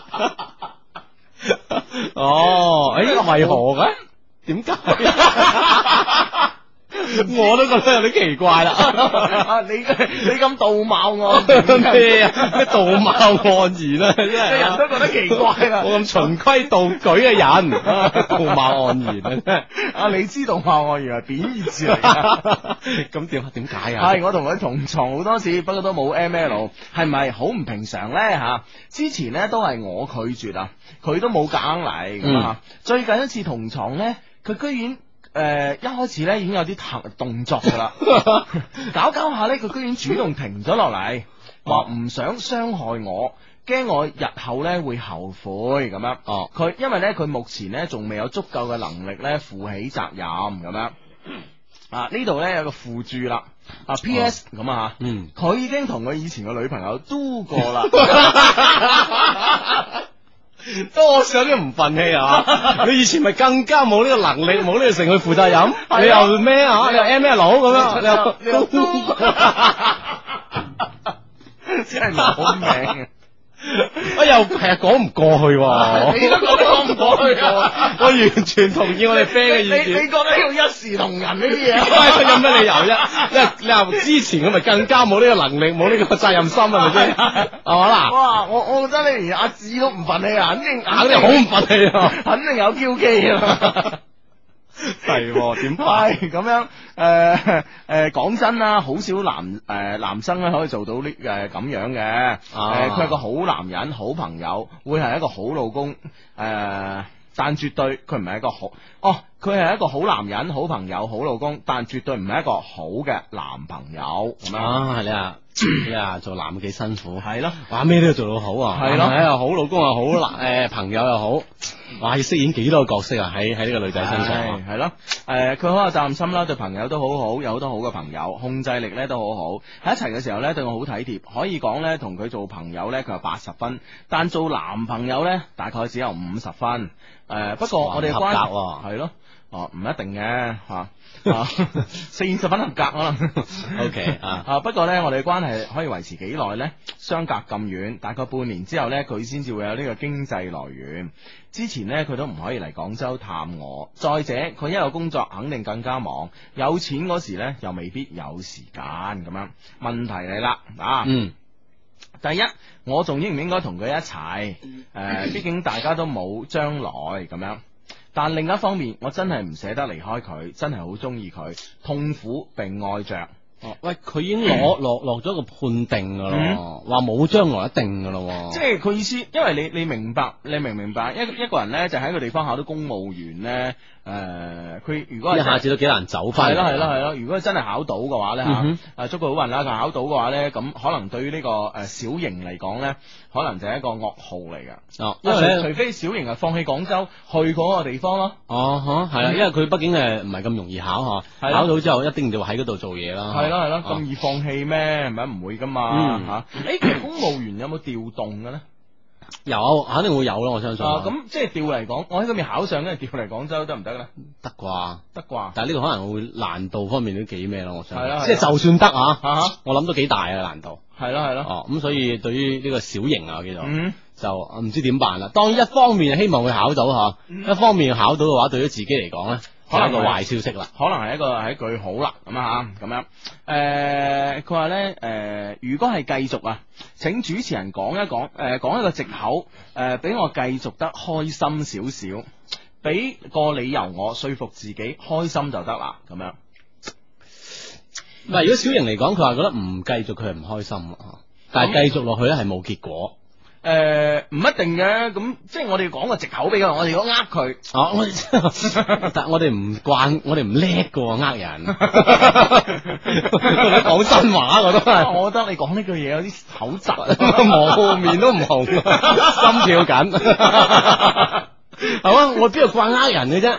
哦，呢、欸、哎，為何嘅？點 解？我都覺得有啲奇怪啦， 你你咁道貌岸咩啊？道 貌岸然啊，真係，人都覺得奇怪啦。 我咁循規蹈矩嘅人， 道貌岸然啊、 你知道貌岸然啊！你知道貌岸然係貶義詞嚟，咁點點解啊？係我同佢同床好多次，沒 ML, 是不過都冇 M L，係咪好唔平常咧？吓，之前咧都係我拒絕啊，佢都冇硬嚟咁啊。嗯、最近一次同床咧，佢居然。誒、呃，一開始咧已經有啲騰動作噶啦， 搞搞下咧，佢居然主動停咗落嚟，話唔想傷害我，驚我日後咧會後悔咁樣。哦，佢因為咧佢目前咧仲未有足夠嘅能力咧負起責任咁樣。啊，呢度咧有個附注啦、哦。啊，P.S. 咁啊，嗯，佢已經同佢以前嘅女朋友 do 過啦。 多少有啲唔忿氣啊！你以前咪更加冇呢個能力，冇呢個成去負責任。你又咩啊？又 M l 佬咁樣，又、啊、 你說 真係唔好命啊！我、 哎、又誒講唔過去喎，你都講唔過去啊！過去啊 我完全同意我哋 friend 嘅意見。你你，你覺得要一視同仁呢啲嘢，有 咩理由啫、啊？即 你話之前咁咪更加冇呢個能力，冇呢個責任心係咪先？係咪啊？哇！我我覺得你連阿智都唔忿氣，肯定肯定好唔忿氣，肯定有、啊、QK 啊！ 係點解咁樣？誒、呃、誒，講、呃、真啦，好少男誒、呃、男生咧可以做到呢誒咁樣嘅。誒、呃，佢、啊、係個好男人，好朋友會係一個好老公。誒、呃，但絕對佢唔係一個好。哦，佢係一個好男人，好朋友，好老公，但絕對唔係一個好嘅男朋友。咁啊，係你啊，你啊 做男嘅幾辛苦。係咯，哇，啊，咩都要做到好啊。係咯，好老公又好男誒 朋友又好，哇，要飾演幾多個角色啊？喺喺呢個女仔身上，係咯。誒，佢好、呃、有責任心啦，對朋友都好好，有好多好嘅朋友，控制力咧都好好。喺一齊嘅時候咧，對我好體貼，可以講咧，同佢做朋友咧，佢有八十分，但做男朋友咧，大概只有五十分。誒、呃，不過我哋關係咯，哦，唔一定嘅吓，啊、 四十分合格可、啊、能。 o、okay, K 啊，不過呢，我哋關係可以維持幾耐呢？相隔咁遠，大概半年之後呢，佢先至會有呢個經濟來源。之前呢，佢都唔可以嚟廣州探我。再者，佢一有工作，肯定更加忙。有錢嗰時候呢，又未必有時間咁樣。問題嚟啦啊，嗯，第一，我仲應唔應該同佢一齊？誒、呃，畢竟大家都冇將來咁樣。但另一方面，我真係唔捨得離開佢，真係好中意佢，痛苦並愛著。啊、喂，佢已經攞落落咗個判定噶咯，話冇將來一定噶咯。即係佢意思，因為你你明白，你明唔明白？一一個人咧就喺個地方考到公務員咧。誒、呃，佢如果一、就是、下子都幾難走翻。係咯，係咯，係咯，如果真係考到嘅話咧吓，嗯，啊祝佢好運啦！考到嘅話咧，咁可能對於呢、這個誒、呃、小型嚟講咧，可能就係一個噩耗嚟噶。哦，因為除，除非小型啊放棄廣州去嗰個地方咯。哦，吓、啊、係因為佢畢竟誒唔係咁容易考吓。考到之後一定就會喺嗰度做嘢啦。係咯係咯，咁、啊、易放棄咩？係咪唔會噶嘛吓？誒、嗯，其、啊、實、欸、 公務員有冇調動嘅咧？有，肯定會有啦、啊，我相信。咁即係調嚟講，我喺嗰邊考上，跟住調嚟廣州得唔得咧？得啩？得啩？但係呢個可能會難度方面都幾咩咯，我相信。係啊。即係就算得啊，我諗都幾大啊難度。係咯係咯。哦、啊、咁、啊、所以對於呢個小型啊，叫做、嗯，就唔知點辦啦。當然一方面希望會考到吓，一方面考到嘅話，對於自己嚟講咧。可能係一個壞消息啦，可能係一個係一句好啦，咁啊咁樣，誒、呃，佢話呢，誒、呃，如果係繼續啊，請主持人講一講，誒、呃，講一個藉口，誒、呃，俾我繼續得開心少少，俾個理由我說服自己開心就得啦，咁樣。如果小瑩嚟講，佢話覺得唔繼續佢係唔開心、嗯、但係繼續落去咧係冇結果。誒、呃，唔一定嘅，咁即係我哋講個藉口俾佢，我哋都呃佢，哦，我但係我哋唔慣，我哋唔叻嘅，呃人，講 真話我都係，我覺得你講呢句嘢有啲口窒，冇面都唔紅，心跳緊，係 嘛、啊，我邊度慣呃人嘅啫。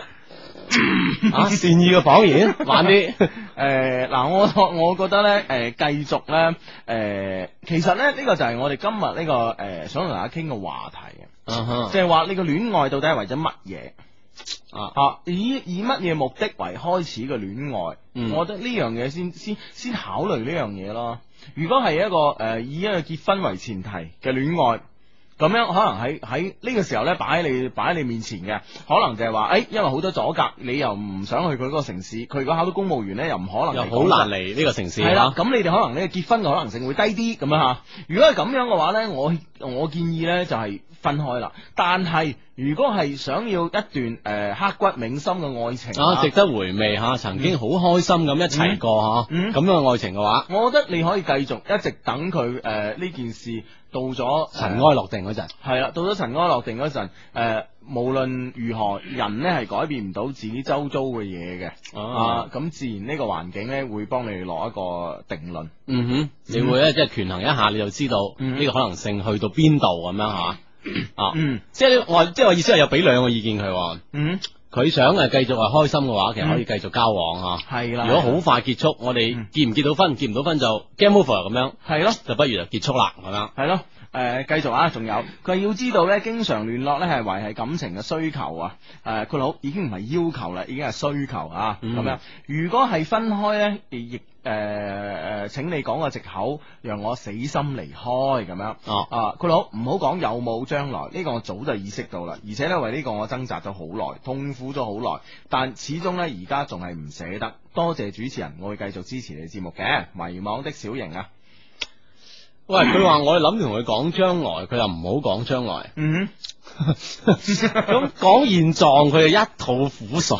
啊！ 善意嘅謊言， 慢啲點笑、呃。誒，嗱，我我覺得咧，誒、呃，繼續咧，誒、呃，其實咧，呢、這個就係我哋今日呢、這個誒、呃，想同大家傾嘅話題、uh-huh. 就即係話呢個戀愛到底係為咗乜嘢啊？以以乜嘢目的為開始嘅戀愛？Uh-huh. 我覺得呢樣嘢先先先考慮呢樣嘢咯。如果係一個誒、呃、以一個結婚為前提嘅戀愛。咁樣可能喺喺呢個時候呢，擺喺你擺喺你面前嘅，可能就係話，誒，因為好多阻隔，你又唔想去佢嗰個城市，佢如果考到公務員呢，又唔可能、嗰個，又好難嚟呢個城市。係啦，咁、嗯、你哋可能呢、嗯、結婚嘅可能性會低啲，咁樣吓、嗯。如果係咁樣嘅話呢，我我建議呢就係分開啦。但係如果係想要一段誒刻、呃、骨銘心嘅愛情，啊，值得回味吓，曾經好開心咁一齊過吓，咁、嗯啊嗯、樣嘅愛情嘅話，我覺得你可以繼續一直等佢誒呢件事。到咗塵埃落定嗰陣，係啦，到咗塵埃落定嗰陣，誒、呃，無論如何，人咧係改變唔到自己周遭嘅嘢嘅，啊，咁、啊、自然個環呢個環境咧會幫你落一個定論，嗯哼，嗯你會咧即係權衡一下，你就知道呢個可能性去到邊度咁樣吓，啊，嗯，即係我即係我意思係又俾兩個意見佢喎，嗯。佢想誒繼續誒開心嘅話，其實可以繼續交往嚇。係、嗯、啦。如果好快結束，我哋結唔結到婚？結唔到婚就 game over 咁樣。係咯。就不如就結束啦咁樣。係咯。誒、呃，繼續啊，仲有佢要知道呢，經常聯絡呢係維繫感情嘅需求啊。誒、呃，佢話，已經唔係要求啦，已經係需求啊。咁、嗯、樣，如果係分開呢，亦誒誒，請你講個藉口，讓我死心離開咁樣。哦，佢話，唔好講有冇將來呢、這個我早就意識到啦，而且呢，為呢個我掙扎咗好耐，痛苦咗好耐，但始終呢，而家仲係唔捨得。多謝主持人，我會繼續支持你節目嘅。迷茫的小型啊。喂，佢話我諗住同佢講將來，佢又唔好講將來。嗯，咁講 現狀，佢就一肚苦水。誒、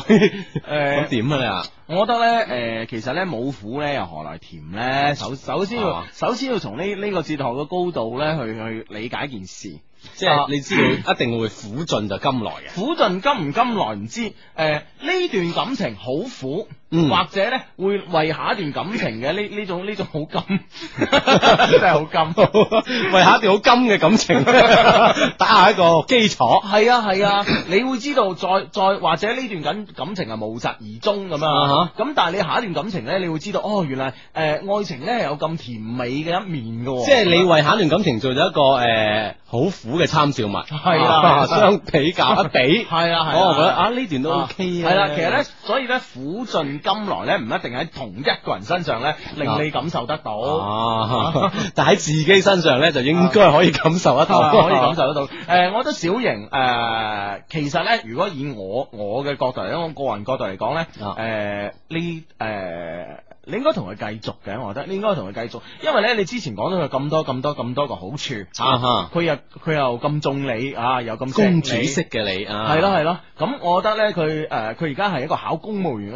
呃，點 啊？我覺得咧，誒、呃，其實咧冇苦咧，又何來甜咧？首首先，首先要從呢呢個哲學嘅高度咧去去理解件事。即係你知道，一定會苦盡就甘來嘅、啊嗯。苦盡甘唔甘來唔知道。誒、呃，呢段感情好苦、嗯，或者呢會為下一段感情嘅呢呢種呢種好甘， 真係好很甘， 為下一段好甘嘅感情 打下一個基礎。係啊係啊，是啊 你會知道再再或者呢段感感情係無疾而終咁啊。咁但係你下一段感情呢，你會知道哦，原來誒、呃、愛情呢係有咁甜美嘅一面嘅、哦。即係你為下一段感情做咗一個誒好。呃苦嘅參照物係啦，相比較一比係啦、啊啊啊，我覺得啊呢段都 OK 啊，係啦、啊啊啊啊，其實咧，所以咧，苦盡甘來咧，唔一定喺同一個人身上咧，令、啊、你感受得到，啊啊啊、但喺自己身上咧、啊，就應該可以感受得到，啊、可以感受得到。誒、啊啊啊，我覺得小盈誒、啊，其實咧，如果以我我嘅角度，因為我個人角度嚟講咧，誒呢誒。啊啊你應該同佢繼續嘅，我覺得你應該同佢繼續，因為咧你之前講到佢咁多咁多咁多個好處，啊哈，佢又佢又咁中你啊，又咁公主式嘅你、啊，係啦係啦咁我覺得咧佢誒佢而家係一個考公務員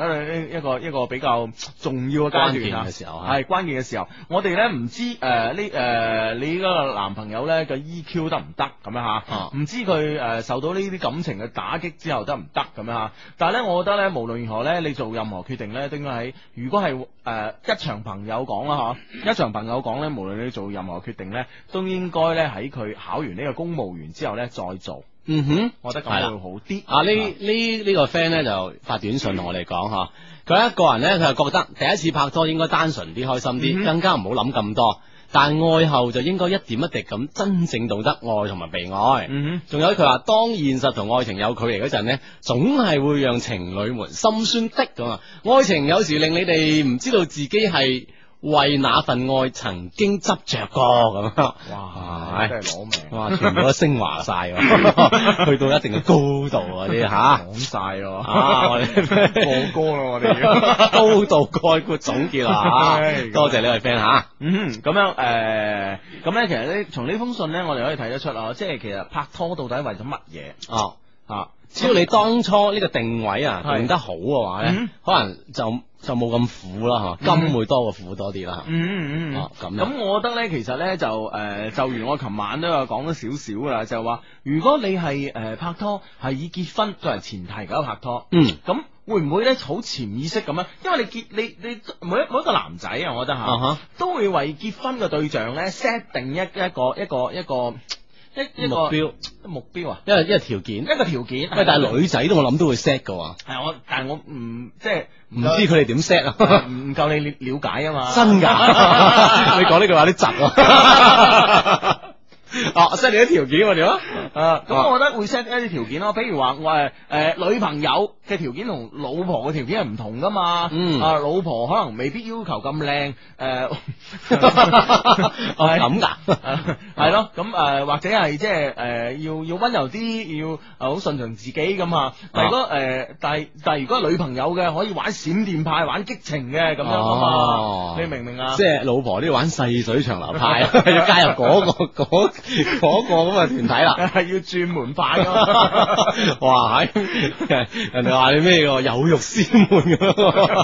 一個一個,一個比較重要嘅階段嘅時候，係關鍵嘅時候，我哋咧唔知誒呢誒你嗰、呃、個男朋友咧嘅 EQ 得唔得咁樣吓，唔、嗯啊、知佢誒受到呢啲感情嘅打擊之後得唔得咁樣吓，但係咧我覺得咧無論如何咧你做任何決定咧都應該喺如果係。誒、呃，一場朋友講啦，嗬！一場朋友講呢，無論你做任何決定呢，都應該呢，喺佢考完呢個公務員之後呢，再做。嗯哼，我覺得咁樣會好啲。啊，呢呢呢個 friend 呢，就發短信同我哋講，嗬！佢一個人呢，佢就覺得第一次拍拖應該單純啲、開心啲、嗯，更加唔好諗咁多。但愛後就應該一點一滴咁真正懂得愛同埋被愛。嗯哼，仲有佢話，當現實同愛情有距離嗰陣呢，總係會讓情侶們心酸的咁啊！愛情有時令你哋唔知道自己係，為那份愛曾經執着過咁樣？哇，哇真係攞命！哇，全部都升華晒， 去到一定嘅高度嗰啲吓，講晒吓我哋過歌啦，我哋高度概括總結啦吓、 啊，多謝呢位 friend 吓。咁、啊、樣誒，咁、呃、咧其實咧，從呢封信咧，我哋可以睇得出啊，即、就、係、是、其實拍拖到底為咗乜嘢？只要你當初呢個定位啊定得好嘅話咧、嗯，可能就。就冇咁苦啦，嗬、嗯，金會多過苦多啲啦，嗯嗯嗯，哦、嗯、咁，咁咁我覺得呢其實呢就誒，就如我琴晚都有講咗少少啦，就話如果你係誒拍拖，係以結婚作為前提嘅拍拖，嗯，咁會唔會呢好潛意識咁樣？因為你結你你，你每每一個男仔，啊我覺得吓、啊，都會為結婚嘅對象呢 set 定一一個一個一個。一個一個一個一個目標，目標啊，因為因為條件，一個條件。喂，但係女仔都我諗都會 set 噶，係我，但係我唔即係，唔、就是、知佢哋點 set 啊？唔、就、夠、是、 你了了解啊嘛？真噶？ 你講呢句話啲窒。啊？ 哦、啊、，set 你啲條件我哋咯，咁、啊、我覺得會 set 一啲條件咯，比如話我誒女朋友嘅條件同老婆嘅條件係唔同噶嘛，嗯，啊老婆可能未必要求咁靚，誒係咁噶，係 咯、 啊，咁、啊、誒、啊啊啊啊啊啊、或者係即係誒要要溫柔啲，要誒好順從自己咁啊，啊、呃但，但如果誒但係但係如果女朋友嘅，可以玩閃電派，玩激情嘅咁樣嘛、啊，你明唔明啊？即係老婆都要玩細水長流派，啊、 要加入嗰、嗰個嗰。 嗰 個咁嘅團體啦，係 要轉門派噶、啊， 哇！係人哋話你咩？有肉先門咁啊、那個！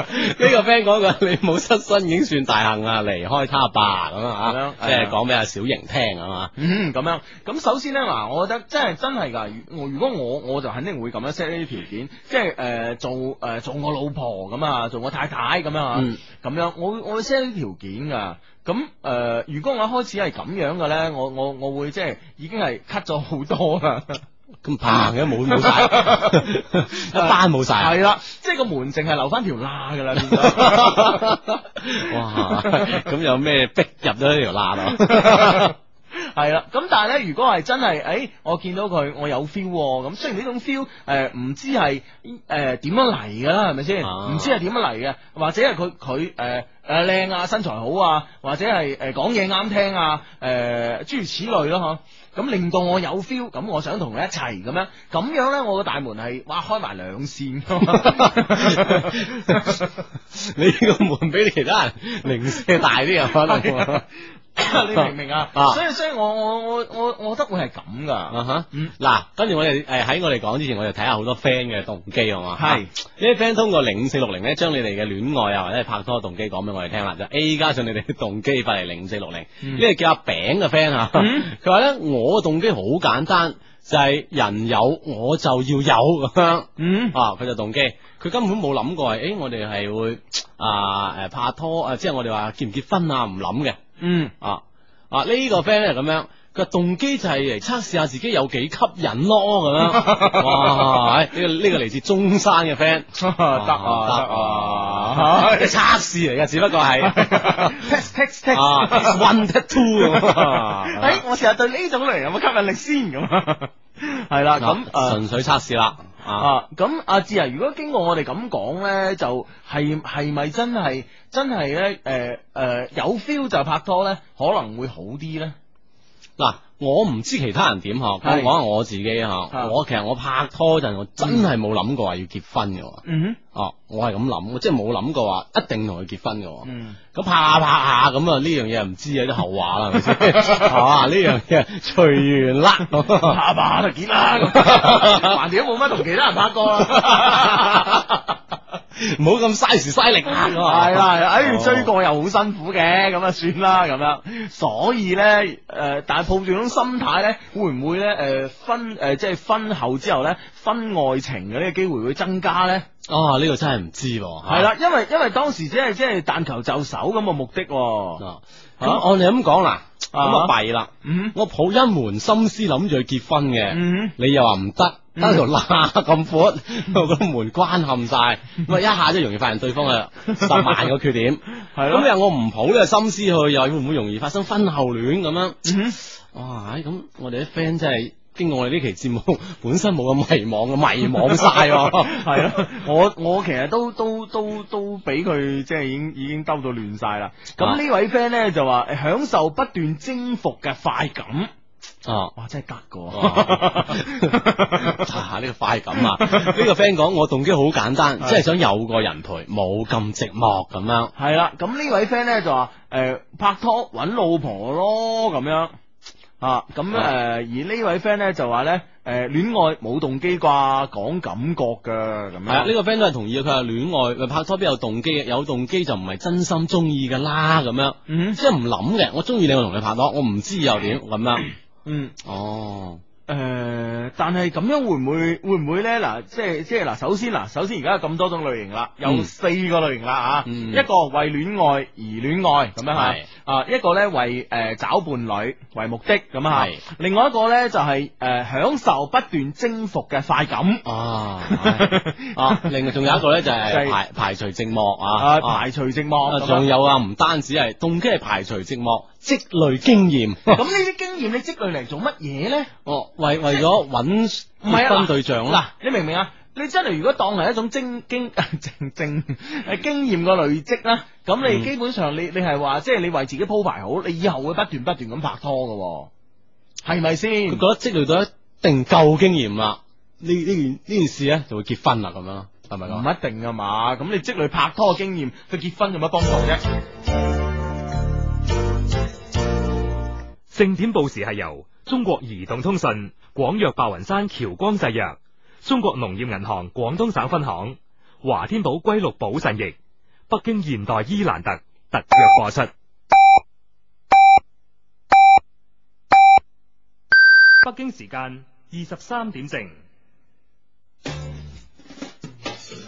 呢 個 friend 講嘅，你冇失身已經算大幸離啊！離開他爸咁啊，即係講俾阿小瑩聽啊嘛。嗯，咁樣。咁首先咧，嗱，我覺得真係真係噶。我如果我我就肯定會咁樣 set 呢啲條件，即係誒做誒、呃、做我老婆咁啊，做我太太咁樣啊，咁樣我、嗯、我會 set 呢啲條件噶。咁誒、呃，如果我一開始係咁樣嘅咧，我我我會即係已經係 cut 咗好多啦，咁嘭嘅冇冇晒一班冇晒係啦，即係個門淨係留翻條罅㗎啦， 其實 哇，咁有咩逼入咗呢條罅咯？ 係 啦，咁但係咧，如果係真係，誒、欸，我見到佢，我有 feel，咁雖然呢種 feel，誒、呃，唔知係誒點樣嚟噶啦，係咪先？唔、啊、知係點樣嚟嘅，或者係佢佢誒誒靚啊，身材好啊，或者係誒講嘢啱聽啊，誒、呃、諸如此類咯、啊，嗬咁令到我有 feel，咁我想同佢一齊咁樣，咁樣咧我個大門係，哇開埋兩扇， 你呢個門比其他人零舍大啲啊嘛？ 你明唔明啊？所以所以我我我我、啊啊嗯、我覺得會係咁噶，吓，嗱，跟住我哋誒喺我哋講之前，我哋睇下好多 friend 嘅動機係嘛，係，呢啲 friend 通過零四六零咧，將你哋嘅戀愛啊或者拍拖嘅動機講俾我哋聽啦，就 A 加上你哋嘅動機發嚟零四六零，fans, 嗯、 說呢個叫阿餅嘅 friend 啊。佢話咧我。我嘅動機好簡單，就係人有我就要有咁樣，嗯，啊，佢就動機，佢根本冇諗過係，誒，我哋係會啊誒拍拖，啊，即係我哋話結唔結婚啊，唔諗嘅，嗯，啊，啊，呢個 friend 咧咁樣，佢動機就係嚟測試下自己有幾吸引咯，咁樣，哇，呢個呢個嚟自中山嘅 friend，得啊得啊。啊啊啊啊啊啊啊啊！ 測試嚟噶，只不過係 Let's test test test one two 哎，我成日對呢種類型有冇吸引力先咁。係 啦， 咁、嗯、純粹測試啦。Uh, 啊，咁阿志、啊，如果經過我哋咁講咧，就係係咪真係真係咧？誒、呃、誒、呃，有 feel 就拍拖咧，可能會好啲咧。嗱、啊。我唔知其他人點學，我講下我自己吓。我其實我拍拖陣，我真係冇諗過話要結婚嘅。嗯哦、啊，我係咁諗，即係冇諗過話一定同佢結婚嘅。嗯，咁拍下拍下咁啊，呢樣嘢唔知有啲後話啦，係咪先？啊，呢樣嘢隨緣啦，拍下就結啦，橫掂都冇乜同其他人拍過。 唔好咁嘥時嘥力， 係啦，哎，追過又好辛苦嘅，咁啊，算啦，咁樣。所以咧，誒、呃，但係抱住種心態咧，會唔會咧，誒、呃，婚，誒、呃，即係婚後之後咧，婚外情嘅呢個機會會增加咧？哦這個，啊，呢個真係唔知，係啦，因為因為當時即係即係但求就手咁嘅目的，啊。咁，哦啊、按你咁講啦。咁咪弊啦，uh-huh. 我抱一門心思諗住去結婚嘅，uh-huh. 你又話唔得，得條拉咁闊，個、uh-huh. 門關冚晒，咁一下就容易發現對方嘅十 萬個缺點，係咯。咁又我唔抱呢個心思去，又會唔會容易發生婚後戀咁樣？哇、uh-huh. 哎，咁我哋啲 friend 真係～經過我哋呢期節目，本身冇咁迷惘，迷惘晒，係 咯。我我其實都都都都俾佢即係已經已經兜到亂晒啦。咁、啊、呢位 friend 咧就話享受不斷征服嘅快感。啊，哇，真係得查下呢個快感啊！呢 個 friend 講我動機好簡單，即係、就是、想有個人陪，冇咁寂寞咁樣。係啦，咁呢位 friend 咧就話誒、呃、拍拖搵老婆咯咁樣。啊，咁誒、呃啊，而呢位 friend 咧就話咧，誒，戀愛冇動機啩，講感覺噶，咁樣係啊，呢個 friend 都係同意，佢話戀愛拍拖邊有動機嘅，有動機就唔係真心中意噶啦，咁樣，嗯，即係唔諗嘅，我中意你，我同你拍拖，我唔知又點咁樣，嗯，哦。誒、呃，但係咁樣會唔會會唔會呢？嗱，即係即係嗱，首先嗱，首先而家有咁多種類型啦、嗯，有四個類型啦、嗯、一個為戀愛而戀愛咁樣係；啊一個呢為誒找伴侶為目的咁係；另外一個呢就係、是、誒、呃、享受不斷征服嘅快感啊， 啊，另外仲有一個呢就係排排除寂寞啊，排除寂寞，仲有啊，唔單止係動機係排除寂寞。積累經驗，咁呢啲經驗你積累嚟做乜嘢咧？哦，為為咗搵對象啦。嗱，你明唔明啊？你真係如果當係一種經經正正係經驗個累積啦，咁你基本上你你係話即係你為自己鋪排好，你以後會不斷不斷咁拍拖噶，係咪先？佢覺得積累咗一定夠經驗啦，呢呢呢件事咧就會結婚啦，咁樣係咪？唔一定啊嘛，咁你積累拍拖嘅經驗，佢結婚有乜幫助啫？正點報時係由中國移動通信、廣藥白雲山、僑光製藥、中國農業銀行廣東省分行、華天寶、歸六保神怡、北京現代伊蘭特特約播出。北京時間二十三點正。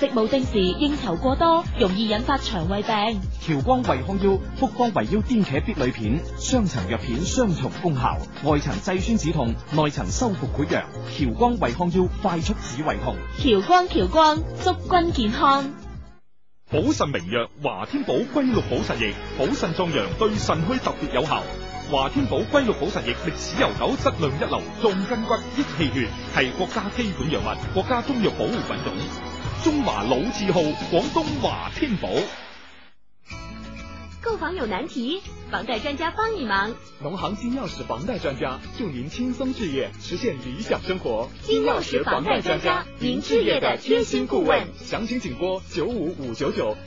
食冇定時，應酬過多，容易引發腸胃病。調光胃康腰，複方維腰顛茄必壘片，雙層藥片，雙重功效，外層制酸止痛，內層修復潰瘍。調光胃康腰，快速止胃痛。調光調光，祝君健康。補腎名藥華天寶龜鹿補腎液，補腎壯陽，對腎虛特別有效。華天寶龜鹿補腎液，歷史悠久，質量一流，重筋骨，益氣血，係國家基本藥物，國家中藥保護品種。中華老字號廣東華天寶，購房有難題。房貸專家幫你忙。農行金鑰匙房貸專家助您輕鬆置業，實現理想生活。金鑰匙房貸專家，您置業的貼心顧問，詳情請撥九五五九九。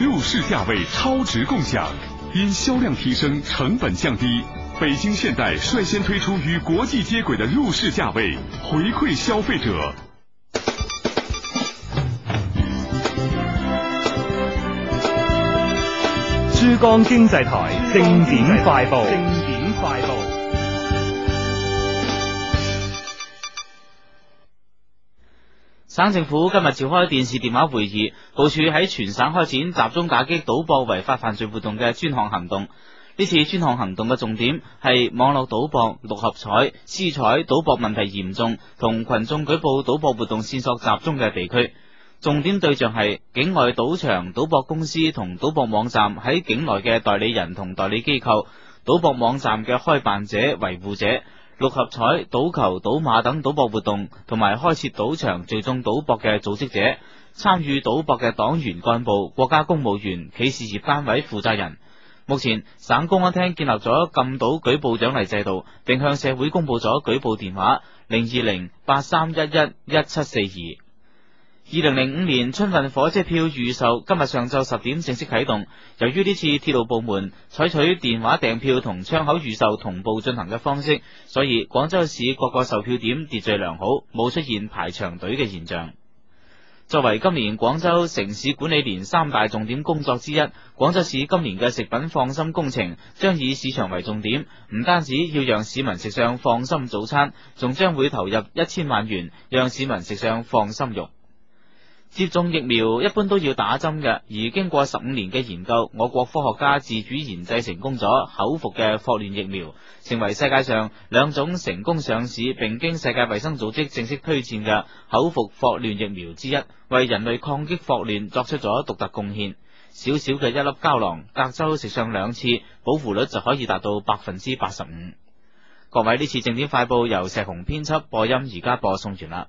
入市價位超值共享，因銷量提升，成本降低，北京現代率先推出與國際接軌的入市價位，回饋消費者。珠江經濟台正點快報。正點快報。省政府今日召開電視電話會議，部署喺全省開展集中打擊賭博違法犯罪活動嘅專項行動。呢次專項行動嘅重點係網絡賭博、六合彩、私彩賭博問題嚴重同群眾舉報賭博活動線索集中嘅地區。重點對象係境外賭場、賭博公司同賭博網站喺境內嘅代理人同代理機構、賭博網站嘅開辦者、維護者、六合彩、賭球、賭馬等賭博活動同埋開設賭場、聚眾賭博嘅組織者、參與賭博嘅黨員幹部、國家公務員、企事業單位負責人。目前，省公安廳建立咗禁賭舉報獎勵制度，并向社會公佈咗舉報電話：零二零八三一一一七四二。二零零五年春運火車票預售今日上晝十點正式啟動。由於呢次鐵路部門採取電話訂票同窗口預售同步進行嘅方式，所以廣州市各個售票點秩序良好，冇出現排長隊嘅現象。作為今年廣州城市管理年三大重點工作之一，廣州市今年嘅食品放心工程將以市場為重點，唔單止要讓市民食上放心早餐，仲將會投入一千萬元，讓市民食上放心肉。接種疫苗一般都要打針嘅，而經過十五年嘅研究，我國科學家自主研製成功咗口服嘅霍亂疫苗，成為世界上兩種成功上市並經世界衛生組織正式推薦嘅口服霍亂疫苗之一，為人類抗擊霍亂作出咗獨特貢獻。小小嘅一粒膠囊，隔周食上兩次，保護率就可以達到百分之八十五。各位，呢次正點快報由石紅編輯播音，而家播送完啦。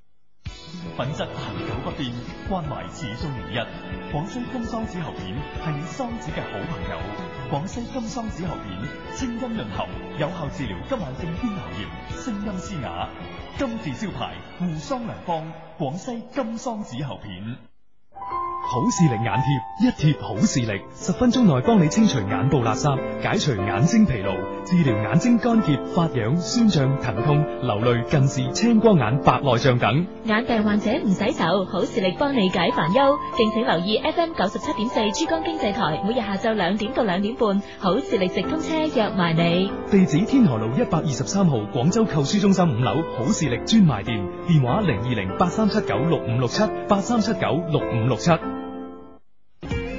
品質恆久不變，關懷始終如一。廣西金嗓子喉片係你嗓子嘅好朋友。廣西金嗓子喉片，清音潤喉，有效治療今晚症、咽喉炎，聲音嘶啞。金字招牌，護嗓良方，廣西金嗓子喉片。好視力眼貼，一貼好視力，十分鐘內幫你清除眼部垃圾，解除眼睛疲勞，治療眼睛乾澀、發癢、酸脹、疼痛、流淚、近視、青光眼、白內障等。眼病患者唔洗手，好視力幫你解煩憂。敬請留意 FM 九十七點四珠江經濟台，每日下晝兩點到兩點半，好視力直通車約埋你。地址：天河路一百二十三號廣州購書中心五樓好視力專賣店，電話零二零八三七九六五六七八三七九六五六七。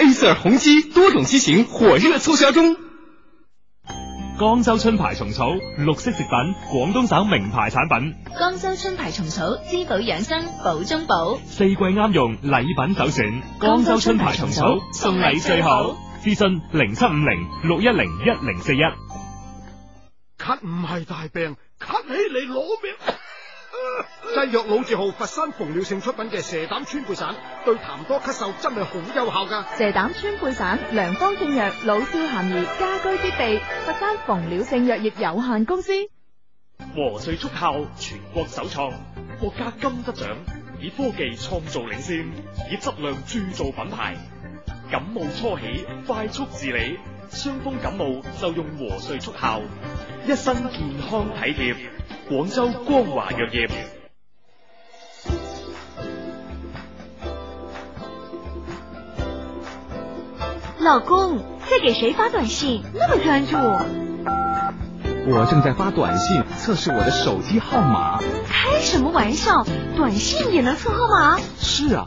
acer 宏基多種機型火熱促銷中。江州春牌蟲草，綠色食品，廣東省名牌產品。江州春牌蟲草，滋補養生，補中補，四季啱用，禮品首選。江州春牌蟲草，送禮最好。資訊零七五零六一零一零四一。咳，唔係大病，咳起嚟攞命。製藥老字號佛山馮了性出品嘅蛇膽川貝散，對痰多咳嗽真係好有效噶。蛇膽川貝散，良方正藥，老少咸宜，家居必備。佛山馮了性藥業有限公司，和粹速效，全國首創，國家金質獎，以科技創造領先，以質量鑄造品牌。感冒初起，快速治理。傷風感冒就用和穗速效，一身健康體貼。廣州光華藥業。老公，在給誰發短信？那麼專注。我正在發短信測試我的手機號碼。開什麼玩笑？短信也能測號碼？是啊。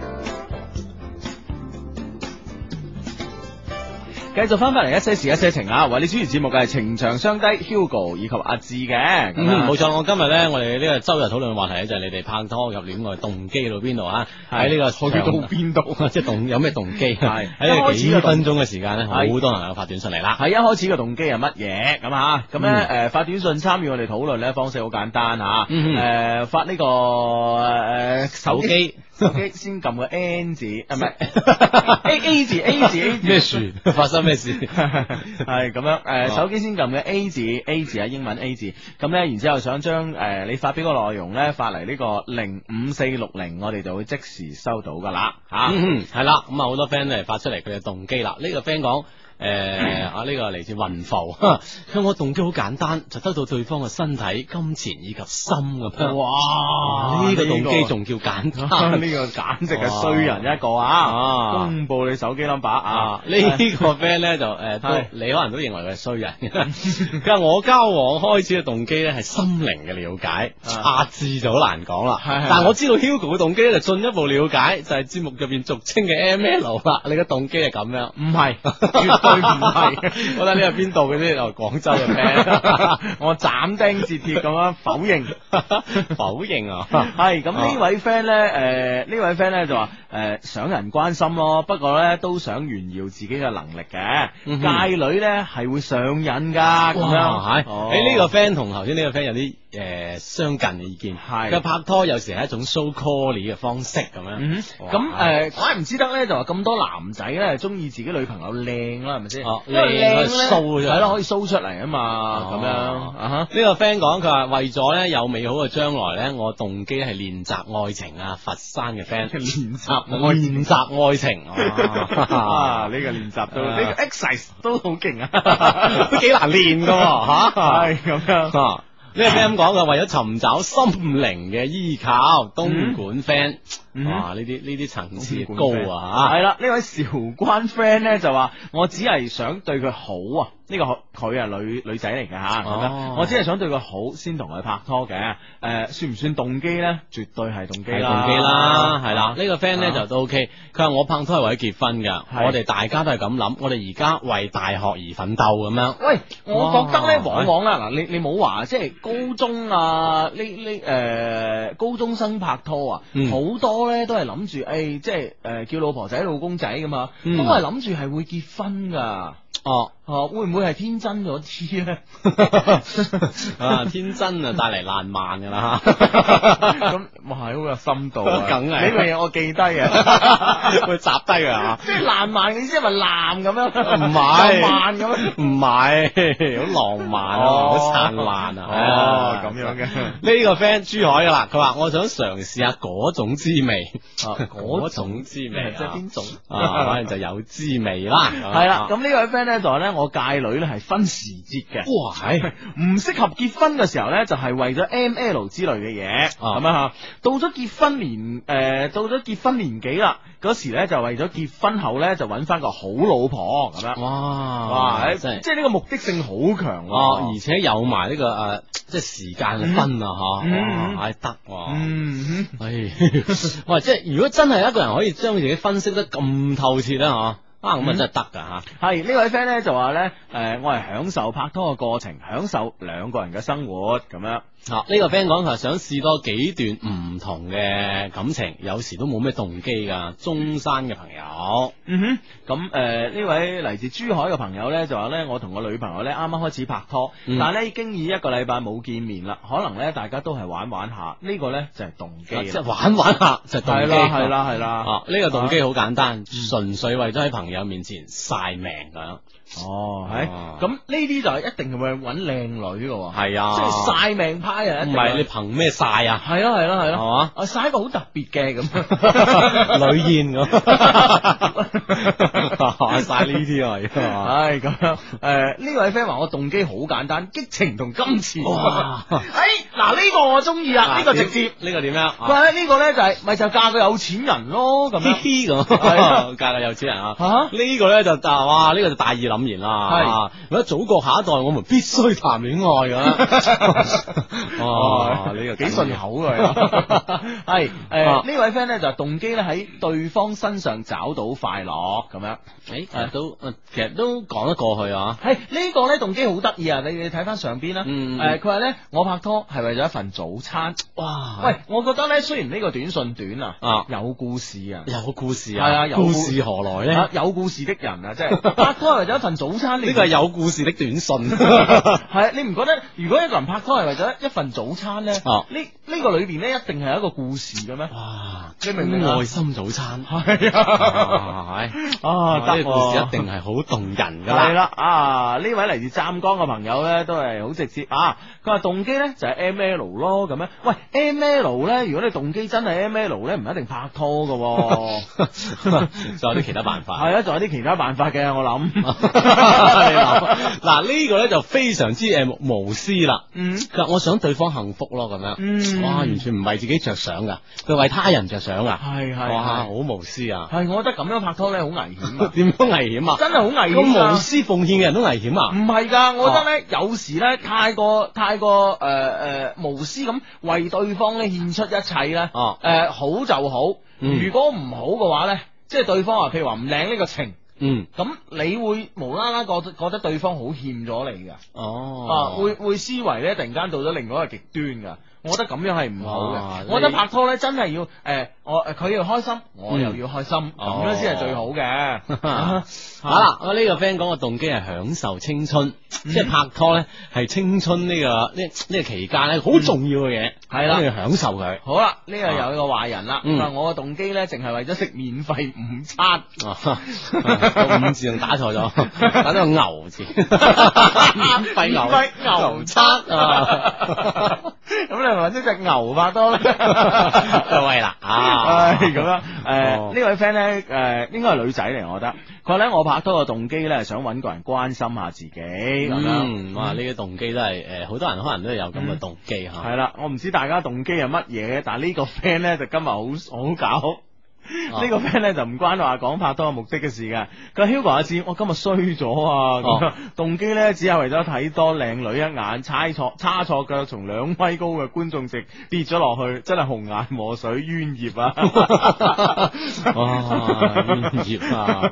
繼續翻翻嚟一些事一些情啊！為你主持節目嘅係情長雙低 Hugo 以及阿志嘅，冇錯、啊嗯。我今日咧，我哋呢個周日討論嘅話題咧就係你哋拍拖入戀愛動機到邊度啊？喺呢、這個到到邊度？即係動有咩動機？係呢幾分鐘嘅時間咧，好多人有發短信嚟啦。係一開始嘅動機係乜嘢？咁啊咁咧？誒、啊嗯，發短信參與我哋討論咧方式好簡單啊！誒、嗯呃，發呢、這個誒、呃、手機。手機手、okay, 機先撳個 N 字，啊唔係 A A 字 A 字 A 字咩事？ 發生咩事？係 咁樣，誒手機先撳嘅 A 字 A 字係英文 A 字，咁咧然之後想將誒、呃、你發表個內容咧發嚟呢個零五四六零，我哋就會即時收到噶啦，吓係啦，咁啊好多 friend 嚟發出嚟佢嘅動機啦，呢、這個 friend 講。誒、欸，啊呢、這個嚟自雲浮，咁我動機好簡單，就得到對方嘅身體、金錢以及心嘅樣。哇，呢、啊這個動機仲叫簡單？呢、這個這個簡直係衰人一個啊！公、啊、布你手機 number 啊？啊啊啊這個、呢個 friend 咧就誒，睇、呃，你可能都認為佢係衰人。佢、哦、話我交往開始嘅動機咧係心靈嘅了解，八字就好難講啦、啊。但係我知道 Hugo 嘅動機咧就進一步了解，就係、是、節目入邊俗稱嘅 M L 啦、啊。你嘅動機係咁樣？唔係。啊唔係， 哦、 我諗呢個邊度嘅啫，廣州嘅 friend，我斬釘截鐵咁樣否認， 否認啊！係咁呢、哦呃、位 friend 咧，誒呢位 friend 咧就話，誒想人關心咯，不過咧都想炫耀自己嘅能力嘅、嗯，戒女咧係會上癮噶，咁樣係。誒呢、哦欸這個 friend 同頭先呢個 friend 有啲誒、呃、相近嘅意見，佢拍拖有時係一種 so call 嘅方式咁樣。咁、嗯、誒，怪唔、呃、知得咧，就話咁多男仔咧中意自己女朋友靚啦。係咪先？哦、啊，你搜，係咯，可以 show 出嚟啊嘛，咁樣呢、啊啊啊這個 friend 講，佢話為咗咧有美好嘅將來咧，我動機係練習愛情啊。佛山嘅 friend 練習練習愛情，啊，呢、啊 啊這個練習到呢個 exercise 都好勁啊，啊，都幾難練噶吓。係 咁、啊、樣、啊。呢、啊啊這個 friend 講噶？為咗尋找心靈嘅依靠，東莞 friend、嗯。嗯、哇！呢啲呢啲層次高啊吓，係啦，位呢位韶關 friend 咧就話：我只係想對佢好啊！呢、這個佢係女女仔嚟嘅吓，唔係咩，我只係想對佢好，先同佢拍拖嘅。誒、呃，算唔算動機咧？絕對係動機啦，係動機啦，係、哦、啦。這個、呢個 friend 咧就都 OK，佢話我拍拖係為咗結婚嘅，我哋大家都係咁諗，我哋而家為大學而奮鬥咁樣。喂，我覺得咧、哦，往往啦，嗱，你你冇話即係高中啊？呢呢誒，高中生拍拖啊，好、嗯、多。都係諗住，誒，即係誒，叫老婆仔、老公仔噶嘛，嗯、都係諗住係會結婚噶。哦，哦，會唔會係天真咗啲咧？啊，天真啊，帶嚟爛漫噶啦吓。咁，係好有深度啊！梗係呢樣我記得嘅，會執低嘅即係爛漫的，你知係咪爛咁樣？唔、啊、係，慢咁樣？唔係，好浪漫啊，好、哦、燦爛啊！哦，咁、啊、樣嘅。呢、這個 friend 珠海噶啦，佢話我想嘗試下嗰種滋味，嗰、啊、種滋味即係邊種、啊？反正就有滋味啦。係、啊、啦，咁、啊、呢、啊啊啊嗯、個 friend。咧就係咧，我介女咧係分時節嘅，哇！唔 適合結婚嘅時候咧，就係為咗 M L 之類嘅嘢，咁樣吓。到咗結婚年，誒、呃，到咗結婚年紀啦，嗰時咧就為咗結婚後咧就揾翻個好老婆咁樣。哇！哇！是即係呢個目的性好強啊，而且有埋呢、這個誒，即、呃、係時間嘅分啊吓。係得嗯。即係、嗯嗯嗯、 如果真係一個人可以將自己分析得咁透徹咧，吓。五、啊、咁真係得噶吓，係、嗯、呢、啊、位 friend 咧就話咧，誒、呃，我係享受拍拖嘅過程，享受兩個人嘅生活咁樣。啊！呢、這個 friend 講想試多幾段唔同嘅感情，有時都冇咩動機㗎。中山嘅朋友，嗯哼，咁誒呢位嚟自珠海嘅朋友呢，就話呢：「我同我女朋友呢，啱啱開始拍拖，嗯、但係已經以一個禮拜冇見面啦，可能呢，大家都係玩玩下，呢、這個呢，就係、是動，就是、動機，即係玩玩下就動機，係啦係啦係啦，啊呢、啊這個動機好簡單、啊，純粹為咗喺朋友面前晒命噉。哦，係咁呢啲就係一定係會揾靚女喎，係啊，即係晒命派一定啊，唔係你憑咩晒啊？係咯係咯係咯，係嘛？我晒一個好特別嘅咁，女燕咁晒呢啲啊，唉咁、啊，誒、啊、呢、啊 宴的 呃、位 friend 話我動機好簡單，激情同金錢。誒嗱呢個我中意啦，呢、啊這個直、就、接、是，呢、啊這個點、這個、樣？喂、啊、呢、這個咧就係、是、咪就是、嫁個有錢人咯？咁樣咁、 哎，嫁個有錢人啊？吓呢個咧就就哇呢個就，是這個、就大二林。咁然啦、啊，我哋祖國下一代，我們必須談戀愛噶、啊。哦、 啊，你又幾順口嘅、啊，係 誒、 呃啊、呢位 friend 咧就是、動機咧喺對方身上找到快樂咁樣，誒、哎呃、都其實、呃、都講得過去啊。嘿、哎，這個、呢個咧動機好得意啊！你你睇翻上邊啦、啊，誒佢話咧我拍拖係為咗一份早餐。哇，喂，我覺得咧雖然呢個短信短啊，啊，有故事啊，有故事啊，係啊，有故事何來咧、啊？有故事的人啊，即係 拍拖為咗一份。早餐呢？呢個係有故事的短信，係你唔覺得？如果一個人拍拖係為咗一份早餐咧？哦、啊，呢呢、這個裏邊咧一定係一個故事嘅咩？哇！你明心愛心早餐係啊，係 啊，啊啊啊啊這個、故事一定係好動人噶啦。係啦，呢位嚟自湛江嘅朋友咧，都係好直接。啊，佢話、啊、動機咧就係、是、M L 咯，咁樣。喂，M L 咧，如果你動機真係 M L 咧，唔一定拍拖噶、哦。仲 有啲其他辦法？ 係啊，仲有啲其他辦法嘅，我諗。 你嗱，呢個咧就非常之誒無私啦，嗯，嗱，我想對方幸福咯，咁樣嗯，哇完全唔為自己着想噶，佢為他人着想啊，係係，哇好無私啊！係我覺得咁樣拍拖咧好危險啊，點樣危險啊？ 真係好危險啊！呢個無私奉獻嘅人都危險啊？唔係噶，我覺得咧，啊、有時咧太過太過誒誒、呃、無私咁為對方咧獻出一切咧，誒、啊呃、好就好，嗯、如果唔好嘅話咧，即係對方啊譬如話唔領呢個情。嗯，咁你會無啦啦覺覺得對方好欠咗你嘅，哦、啊，會會思維咧突然間到咗另外一個極端噶。我覺得咁樣係唔好嘅。我覺得拍拖咧，真係要誒，我誒佢要開心，我又要開心，咁、嗯哦、樣先係最好嘅。好、啊、啦，我、這、呢個 friend 講嘅動機係享受青春，即、嗯、係、就是、拍拖咧係青春呢、這個呢呢、這個期間咧好重要嘅嘢，係、嗯、啦，你要享受佢、嗯。好啦，呢、這個又有一個壞人啦、嗯啊嗯。我嘅動機咧，淨係為咗食免費午餐。五、 啊、字仲打錯咗，打個牛字。 免費牛，牛餐。咁、啊、你？ 或者隻牛拍拖啦，就係啦啊，係咁樣，誒、呃 oh. 呢位 friend 咧，誒、呃、應該係女仔嚟，我覺得，佢咧我拍拖嘅動機咧，想搵個人關心下自己咁樣、mm.，哇呢、這個動機都係誒好多人可能都有咁嘅動機吓，係 啦、嗯， 我唔知大家動機係乜嘢，但係呢個 friend 咧就今日好好搞。啊這個、呢個 friend 咧就唔關話講拍拖嘅目的嘅事嘅，佢 h u g 一阿我今日衰咗啊！動機咧只係為咗睇多靚女一眼，猜錯差錯腳，從兩米高嘅觀眾席跌咗落去，真係紅顏禍水冤孽啊！哇，冤孽啊！嚟、啊、呢、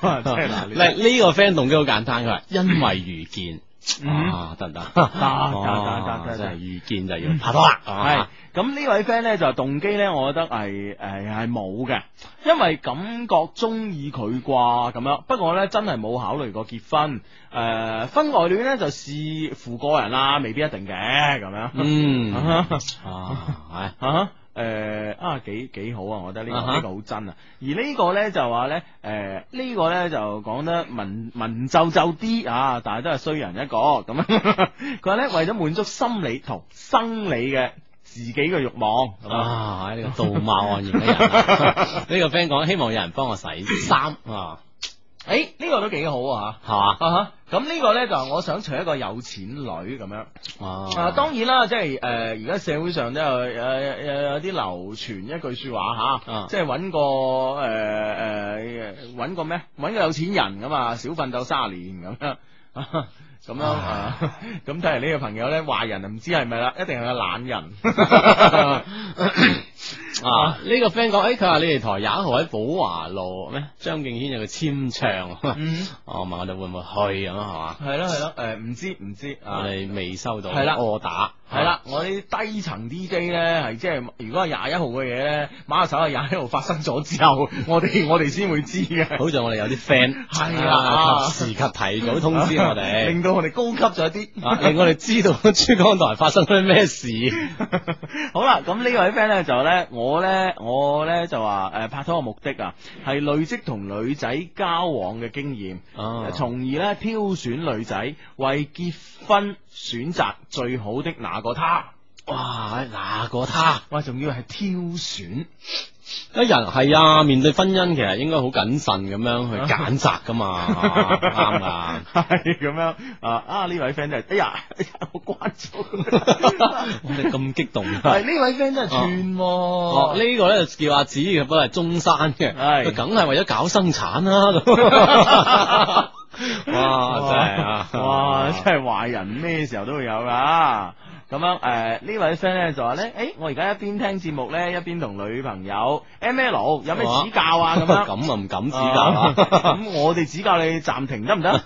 啊啊啊啊這個 friend 動機好簡單，佢 因為遇見。嗯，得唔得？得得得得，真係遇見就要拍拖啦。係、嗯、咁、啊、呢位 friend 咧，就係動機咧，我覺得係誒係冇嘅，因為感覺中意佢啩咁樣。不過咧，真係冇考慮過結婚。誒、呃，婚外戀咧就視乎個人啦，未必一定嘅咁樣哈哈。嗯，係啊。啊啊啊啊啊誒、呃、啊幾幾好啊！我覺得呢、這個呢、uh-huh. 個好真啊。而呢個呢，就話呢，誒、呃、呢、這個呢，就講得文文縐縐啲啊，但係都係衰人一個咁。佢、啊、話、啊啊啊、 呢，為咗滿足心理同生理嘅自己嘅欲望啊、呢、啊這個道貌岸然嘅人呢、啊、 個 friend 講希望有人幫我洗衫啊。誒、欸，呢、這個都幾好的啊，係、啊、嘛？咁、啊、呢個呢，就是我想娶一個有錢女咁樣。哦、啊啊，當然啦，即係誒、而、呃、家社會上都有誒有啲流傳一句說話吓，即係揾個誒誒搵個咩？揾個有錢人㗎嘛，少奮鬥三十年咁啊，咁樣啊，咁睇嚟，呢個朋友呢，壞人啊，唔知係咪啦，一定係個懶人。啊 啊！呢、這個 friend 講，誒、欸，佢話你哋台廿一號喺寶華路咩？張敬軒有個簽唱，我、嗯啊、問我哋會唔會去咁啊？係、嗯、嘛？係咯係咯，誒，唔、呃、知唔知道，我哋未收到打，係啦，我打，係啦、就是，我啲低層 DJ 咧，係即係如果係廿一號嘅嘢咧，馬上係廿一號發生咗之後，我哋 我哋先會知嘅。好似我哋有啲 friend 係啊，及時及提早通知我哋，令到我哋高級咗啲，令我哋、啊、知道珠江台發生咗咩事。 好啦，咁呢位 friend 咧就咧。我咧，我咧就話，誒，拍拖嘅目的啊，係累積同女仔交往嘅經驗，從而咧挑選女仔為結婚選擇最好的那個她。哇！嗱，過他？哇！仲要係挑選一人係啊！面對婚姻，其實應該好謹慎咁樣去揀擇噶嘛，啱 噶。係咁樣、呃、啊！啊呢位 friend 就係哎呀哎呀，我關咗。咁你咁激動、啊？呢、啊啊、位 friend 真係串、啊。哦、啊，呢個咧叫阿、啊、子嘅，不過係中山嘅，梗係為咗搞生產啦、啊 啊。哇！真係、啊、哇，哇！真係壞人，咩時候都會有噶、啊。咁樣誒，呃、位呢位 friend 咧就話咧，誒、欸，我而家一邊聽節目咧，一邊同女朋友 M L 有咩指教啊？咁樣咁啊，唔敢指教啊。啊。啊」咁、啊、我哋指教你暫停得唔得？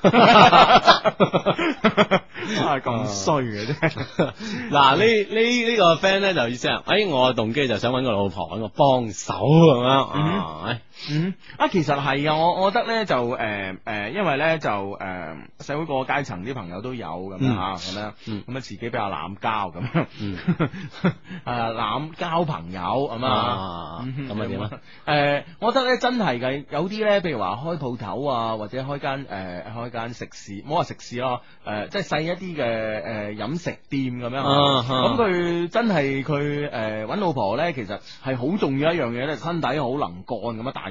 係咁衰嘅啫。嗱，啊啊啊啊 這個、呢呢呢個 friend 咧就意思係，誒、哎，我嘅動機就想揾個老婆揾個幫手咁樣啊。嗯嗯啊，其實係啊，我我覺得咧就誒誒、呃呃，因為咧就誒、呃，社會各個階層啲朋友都有咁吓咁樣，咁、嗯、啊、嗯、自己比較濫交咁樣，誒濫交朋友咁啊，咁啊點啊？誒，我覺得咧真係嘅，有啲咧，譬如話開鋪頭啊，或者開間誒、呃、開間食肆，唔好話食肆咯，誒、呃，即係細一啲嘅誒飲食店咁樣，咁、啊、佢、嗯啊嗯、真係佢誒搵老婆咧，其實係好重要一樣嘢咧，身體好能幹咁樣。大。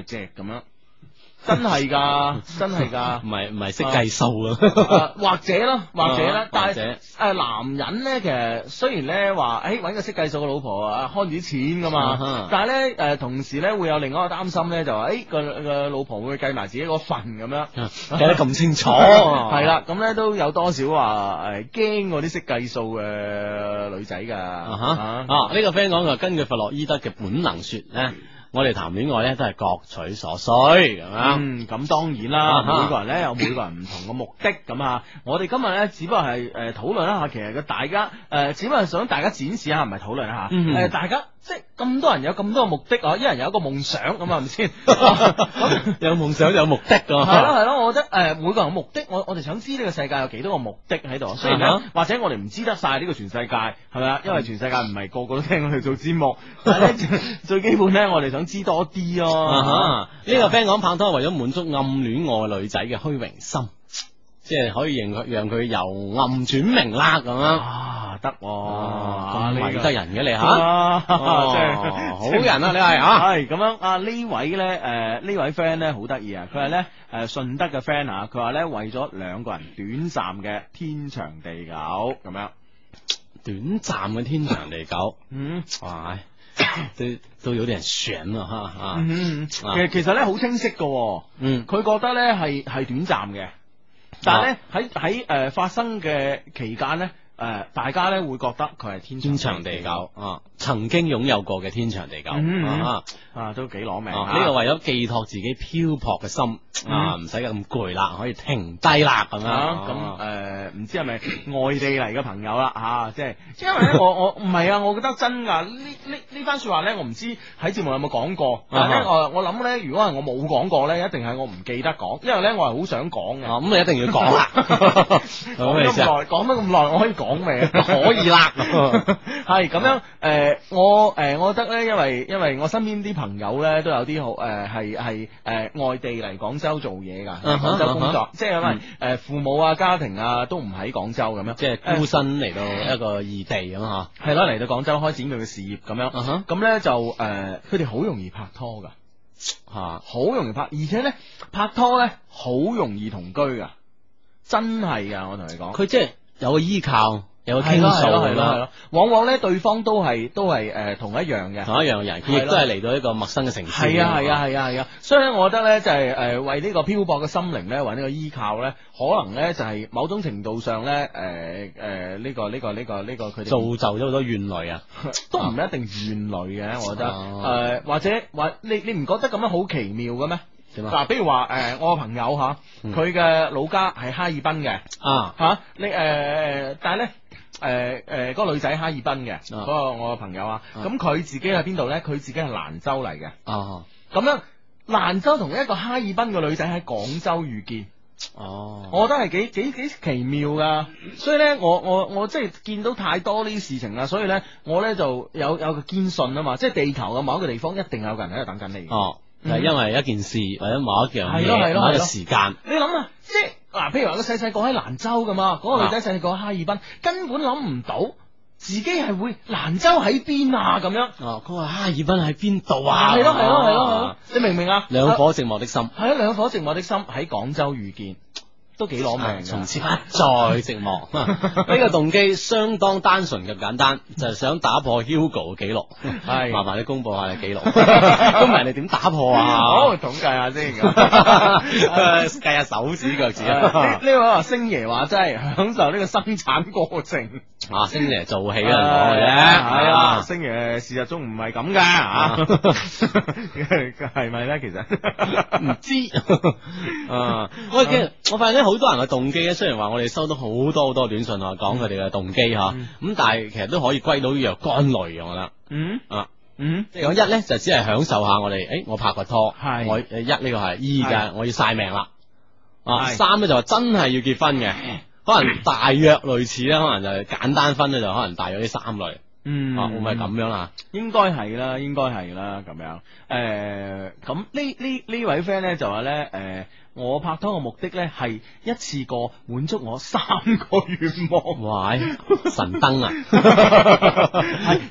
咁樣，真係噶，真係噶，唔係唔係識計數噶，或者囉，或者啦，但係誒男人咧，其實雖然咧話，誒、欸、搵個識計數嘅老婆啊，慳住錢噶嘛，啊、但係咧誒同時咧會有另外一個擔心咧，就話誒個個老婆會計埋自己個份咁樣，計、啊、得咁清楚啊 啊，係啦，咁咧都有多少話誒驚啲識計數嘅女仔噶，啊呢、啊啊啊這個 friend 講就是、根據弗洛伊德嘅本能說咧。啊我哋談戀愛呢，都係各取所需，啊，咁、嗯、當然啦，每個人呢，有每個人唔同嘅目的。咁啊，我哋今日呢，只不過係誒討論一下。其實個大家誒、呃，只不過係想大家展示一下，唔係討論一下誒、嗯呃，大家。即係咁多人有咁多目的，啊，一人有一個夢想咁係咪先？啊啊、 有夢想有目的噶。係咯係咯，我覺得誒、呃，每個人嘅目的，我我哋想知呢個世界有幾多個目的喺度。雖然、嗯、或者我哋唔知得晒呢個全世界，係咪啊？因為全世界唔係個個都聽我哋做節目。但係咧， 最基本咧，我哋想知多啲咯、啊。啊呢、啊啊呢個 friend 講拍拖為咗滿足暗戀我女仔嘅虛榮心。即係可以讓佢讓佢由暗轉明啦咁樣，啊得，咁迷得人嘅你吓，即、啊、好、啊、 人啊 你係吓，係咁樣啊呢位咧誒呢位 friend 咧好得意啊，佢係咧誒順德嘅 friend 啊，佢話咧為咗兩個人短暫嘅天長地久咁樣，短暫嘅天長地久，嗯， 哇，都 都有啲人懸啊，吓、啊、吓、嗯啊，其實其實咧好清晰㗎、啊、嗯，佢覺得咧係係短暫嘅。但係咧，喺喺誒發生嘅期間咧。誒、呃，大家咧會覺得佢係天長地久，天長地久啊，曾經擁有過嘅天長地久，嗯啊，嗯、啊，啊都幾攞命，呢個為咗寄託自己漂泊嘅心、嗯、啊，唔使咁攰啦，可以停低啦咁樣。咁、啊、誒，唔、啊啊嗯、知係咪外地嚟嘅朋友啦嚇？即、啊、係、啊，因為咧，我我唔係啊，我覺得真㗎。呢呢呢番説話咧，我唔知喺節目有冇講過。嗯、但係咧、呃，我我諗咧，如果係我冇講過咧，一定係我唔記得講。因為咧，我係好想講嘅。咁你一定要講啦、啊。講咁耐，講得咁耐，我可以講。講未可以啦，係咁樣誒、呃，我誒、呃，我覺得咧，因為因為我身邊啲朋友咧，都有啲好誒，係係誒外地嚟廣州做嘢噶，廣、uh-huh. 州工作，uh-huh. 即係因為誒父母啊、家庭啊都唔喺廣州咁、uh-huh. 樣，即係孤身嚟到一個異地咁啊，係啦嚟到廣州開展佢嘅事業咁樣，咁、uh-huh. 咧就誒，佢哋好容易拍拖噶，吓、啊，好容易拍，而且咧拍拖咧好容易同居噶，真係噶，我同你講，佢即係。有個依靠，有個傾訴係咯，往往咧對方都係都係誒、呃、同一樣嘅同一樣人，佢亦都係嚟到一個陌生嘅城市。係啊係啊係啊係啊，所以咧，我覺得咧就係、是、誒、呃、為呢個漂泊嘅心靈咧，揾呢個依靠咧，可能咧就係某種程度上咧誒誒呢個呢、這個呢、這個呢、這個佢哋造就咗好多怨女啊， 都唔一定怨女嘅，我覺得誒、呃、或者或者你你唔覺得咁樣好奇妙嘅咩？嗱，比如話誒、呃，我個朋友吓，佢嘅老家係哈爾濱嘅啊吓、啊，你誒、呃，但係咧，誒、呃、誒，呃呃嗰個女仔哈爾濱嘅，嗰、啊嗰個我個朋友啊，咁佢自己喺邊度咧？佢、啊、自己係蘭州嚟嘅啊，咁樣蘭州同一個哈爾濱嘅女仔喺廣州遇見，哦、啊，我覺得係幾幾幾奇妙噶，所以咧，我我我即係見到太多呢啲事情啦，所以咧，我咧就有有個堅信啊嘛，即係地球嘅某一個地方一定有個人喺度等緊你哦。啊。係因為一件事或者某一件嘢，或者時間。你諗啊，即係嗱，譬如話個細細個喺蘭州噶嘛，嗰、嗰個女仔細細個喺哈爾濱，根本諗唔到自己係會蘭州喺邊啊，咁樣。佢、哦、話、那個、哈爾濱喺邊度啊？係咯係咯係咯，你明唔明啊？兩顆寂寞的心，係啊，兩顆寂寞的心喺廣州遇見。都幾攞命從此再寂寞，呢、 啊呢個動機相當單純咁簡單，就係、是、想打破 Hugo 嘅記錄。慢麻煩你公佈下你記錄。咁 人你點打破啊？嗯、我統計下先、 啊，計下手指腳趾。呢位話星爺話真係享受呢個生產過程。啊，星爺做起啊，講嘅啊，啊，啊，啊，啊，啊，星爺事實中唔係咁㗎嚇。係咪咧？其實唔知 啊。我我發現好多人嘅動機咧，雖然話我哋收到好多好多短信啊，講佢哋嘅動機咁、嗯、但係其實都可以歸到若干類我啦。嗯啊嗯，即係講一咧就只係享受一下我哋，誒、欸、我拍個拖係，我一呢個係二嘅，我要晒命啦。啊三咧就話真係要結婚嘅，可能大約類似啦，可能就係、簡單分咧，就可能大約呢三類。嗯，唔咪咁樣應該係啦，應該係啦，應該係啦，咁樣誒，咁呢呢呢位 friend 咧就話咧，誒、呃。我拍拖嘅目的咧，係一次過滿足我三個願望。喂，神燈啊，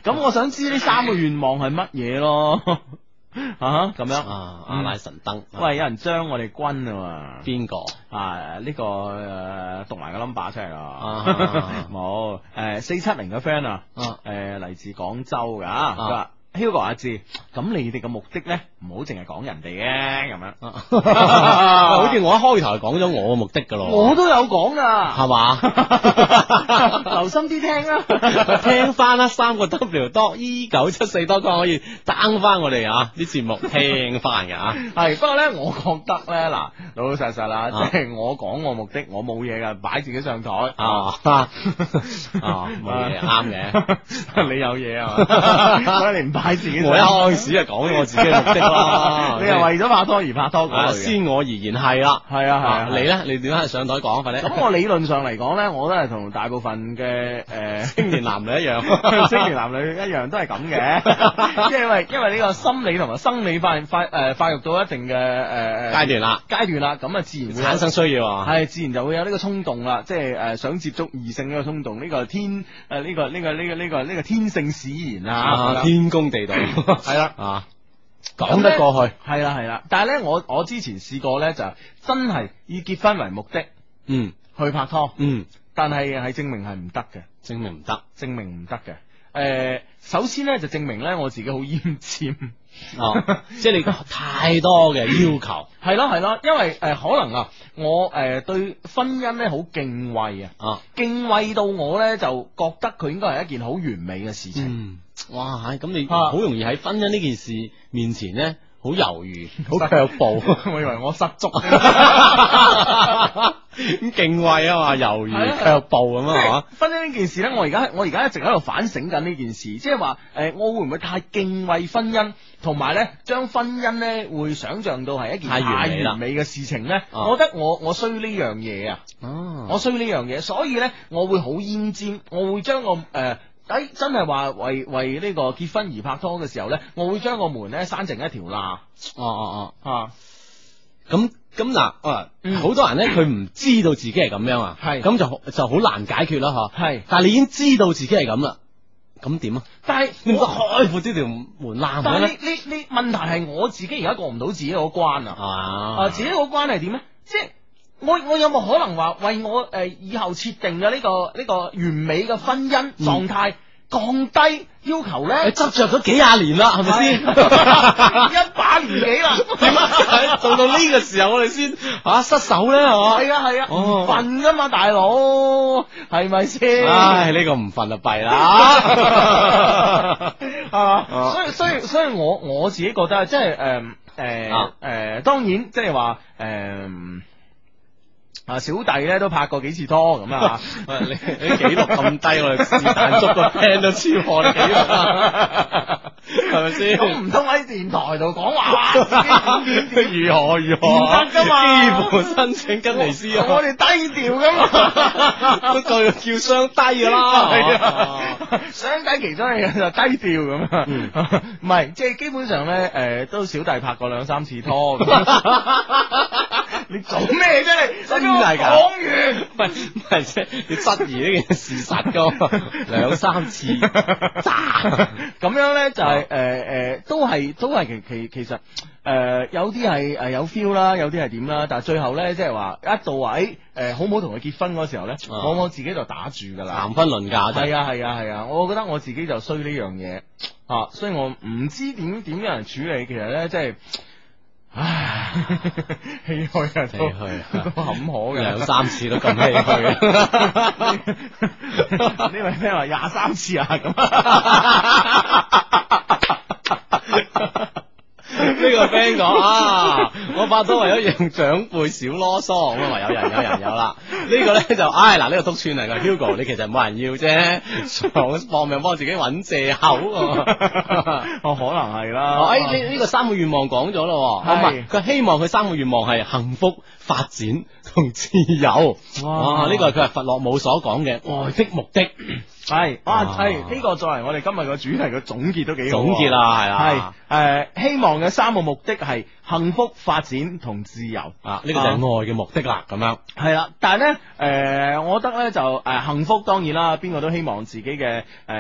咁 我想知呢三個願望係乜嘢咯？咁樣啊，買、啊啊嗯啊啊、神燈。喂，有人將我哋軍啊嘛？邊個啊？呢、這個誒，讀埋個 number 出嚟啦。冇誒，四七零嘅 friend 啊，誒， 嚟、呃啊呃、自廣州噶。啊啊、阿 Hugo 阿志，咁你哋嘅目的咧？唔好淨係講人哋嘅咁樣，好 似 我一開頭講咗我嘅目的噶咯。我都有講噶，係嘛？ 留心啲聽啦、啊， 聽翻啦。三個 W 多 E 九七四多個可以登翻我哋啊啲節、這個、目，聽翻嘅啊。係 不過咧，我覺得咧嗱，老老實實啦，即、就、係、是、我講我的目的，我冇嘢噶，擺自己上台 啊啊冇嘢，啱嘅 確的、 啊。 你有嘢啊？你唔擺自己。我 一開始就講我自己嘅目的。 你又為咗拍拖而拍拖，先我而言係啦，係啊係啊，啊，啊，啊，啊，啊，你咧，你點解上台講啊？咁我理論上嚟講咧，我都係同大部分嘅誒青年男女一樣，青 年男女一樣都係咁嘅，因為因為呢個心理同埋生理發發誒發育到一定嘅誒階段啦，階段啦，咁啊自然會產生需要，係、啊、自然就會有呢個衝動啦，即係誒想接觸異性呢個衝動，呢、這個天誒呢、呃這個呢、這個呢、這個呢、這個呢、這個、這個這個、天性使然啊，天公地道係啦 是啊。 講得過去係啦係啦，啦，但係呢，我我之前試過呢，就真係以結婚為目的，嗯，去拍拖，嗯，但係係證明係唔得嘅，證明唔得，證明唔得嘅。誒、呃，首先呢，就證明呢，我自己好腌尖，哦， 即係你的太多嘅要求，係 啦係啦因為誒、呃、可能啊我誒、呃、對婚姻呢，好敬畏啊，敬畏到我呢，就覺得佢應該係一件好完美嘅事情。嗯哇，咁你好容易喺婚姻呢件事面前呢，好猶豫，好腳步。呵呵 我以為我失足咁敬畏啊嘛，猶豫腳步咁嘛。婚姻呢件事呢，我而家我而家一直喺度反省緊呢件事，即係話誒，我會唔會太敬畏婚姻，同埋呢將婚姻呢會想象到係一件太完美嘅事情呢。我覺得我我需要呢樣嘢啊，我需要呢樣嘢，所以呢，我會好奄尖，我會將我誒。呃誒、哎，真係話為為呢個結婚而拍拖嘅時候呢，我會將個門呢閂成一條罅。哦哦哦，吓，咁咁嗱，啊，好、啊啊啊嗯、多人呢，佢、嗯、唔知道自己係咁樣啊，係，咁就就好難解決啦，嗬。係、啊，但係你已經知道自己係咁啦，咁點啊？但係你唔該開闊啲條門罅，但係問題係我自己而家過唔到自己嗰關啊，啊，啊，自己嗰關係點呢？即係。我我有冇可能話為我誒、呃、以後設定嘅呢、這個呢、這個完美嘅婚姻狀態降低、嗯、要求咧？執着咗幾廿年啦，係咪先？ 一把年紀啦，點啊？到到呢個時候我們，我哋先吓失手咧，係嘛？係啊係啊，瞓噶嘛，大佬係咪先？唉、哦，呢、哎這個唔瞓就弊啦。所以所以所以我我自己覺得，即係誒誒誒，當然即係話誒。呃小弟呢都拍過幾次拖咁啊！ 你你紀錄咁低， 我哋是但捉個聽都超過你，係咪先？我唔通喺電台度講話？如何如何？唔乎申請堅尼斯。我哋低調噶、啊，都 叫做叫雙低㗎、啊、啦。雙 低其中一樣就低調咁啊！唔、嗯、係，即 係、就是、基本上呢、呃，都小弟拍過兩三次拖咁。 你做咩啫，你真係講完，唔係即係你質疑呢件事實噶，兩三次咋，咁 樣咧就係誒誒，都係都係其其其實誒、呃，有啲係誒有 feel 啦，有啲係點啦，但係最後咧即係話一到位誒、呃，好唔好同佢結婚嗰時候咧，往、啊、往自己就打住噶啦，談婚論嫁啫。係啊係啊係啊，我覺得我自己就衰呢樣嘢啊，所以我唔知點點樣，樣人處理，其實咧即係。唉，唏噓啊，唏噓啊，都坎坷嘅，有三次都咁唏噓，呢位咩話廿三次啊咁？ 個 friend 講啊，我發多為咗讓長輩少囉嗦啊！有人有人有啦，呢、這個咧就唉嗱，呢、這個都串嚟噶，Hugo 你其實冇人要啫，幫我放命幫自己揾借口啊， 啊，可能係啦，啊、哎呢呢、這個三個願望講咗咯，唔係佢希望佢三個願望係幸福、發展同自由，哇！呢、啊這個係佢係佛洛姆所講嘅愛的目的。係，啊，係、啊、呢、這個作為我哋今日嘅主題嘅總結都幾好。總結啦，係啦。係，誒、啊，希望嘅三個目的係，幸福發展同自由啊，呢、這個就係愛嘅目的啦，咁、啊、樣係啦。但係咧，誒、呃，我覺得呢就誒、呃，幸福當然啦，邊個都希望自己嘅誒誒，戀、呃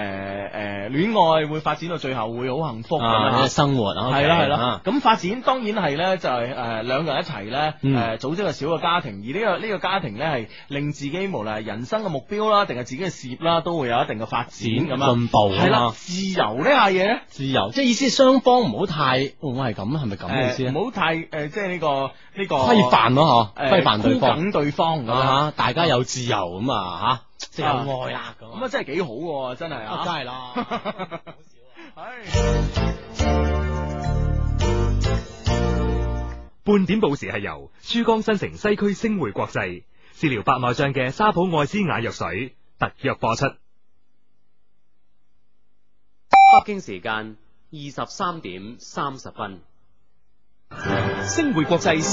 呃、愛會發展到最後會好幸福咁、啊、樣、啊啊、生活。係啦係啦，咁、okay, 啊、發展當然係、就是呃、呢，就係誒，兩個人一齊呢，誒，組織個小個家庭，而呢、這個呢、這個家庭呢，係令自己無論係人生嘅目標啦，定係自己嘅事業啦，都會有一定嘅發展咁進步、啊。係啦，自由呢下嘢，自由即係意思，雙方唔好太，我係咁，係咪咁意思咧？好太誒、呃，即係呢、這個呢、這個規範咯、啊，吓、呃、規範對方，箍緊對方。吓、啊、大家有自由咁啊，吓、啊、自由愛啊，咁啊，啊，啊，真係幾好，真、啊、係啊，真係啦。 半點報時係由珠江新城西區星匯國際治療白內障嘅沙普愛斯雅藥水特約播出。北京時間二十三點三十分。星匯國際。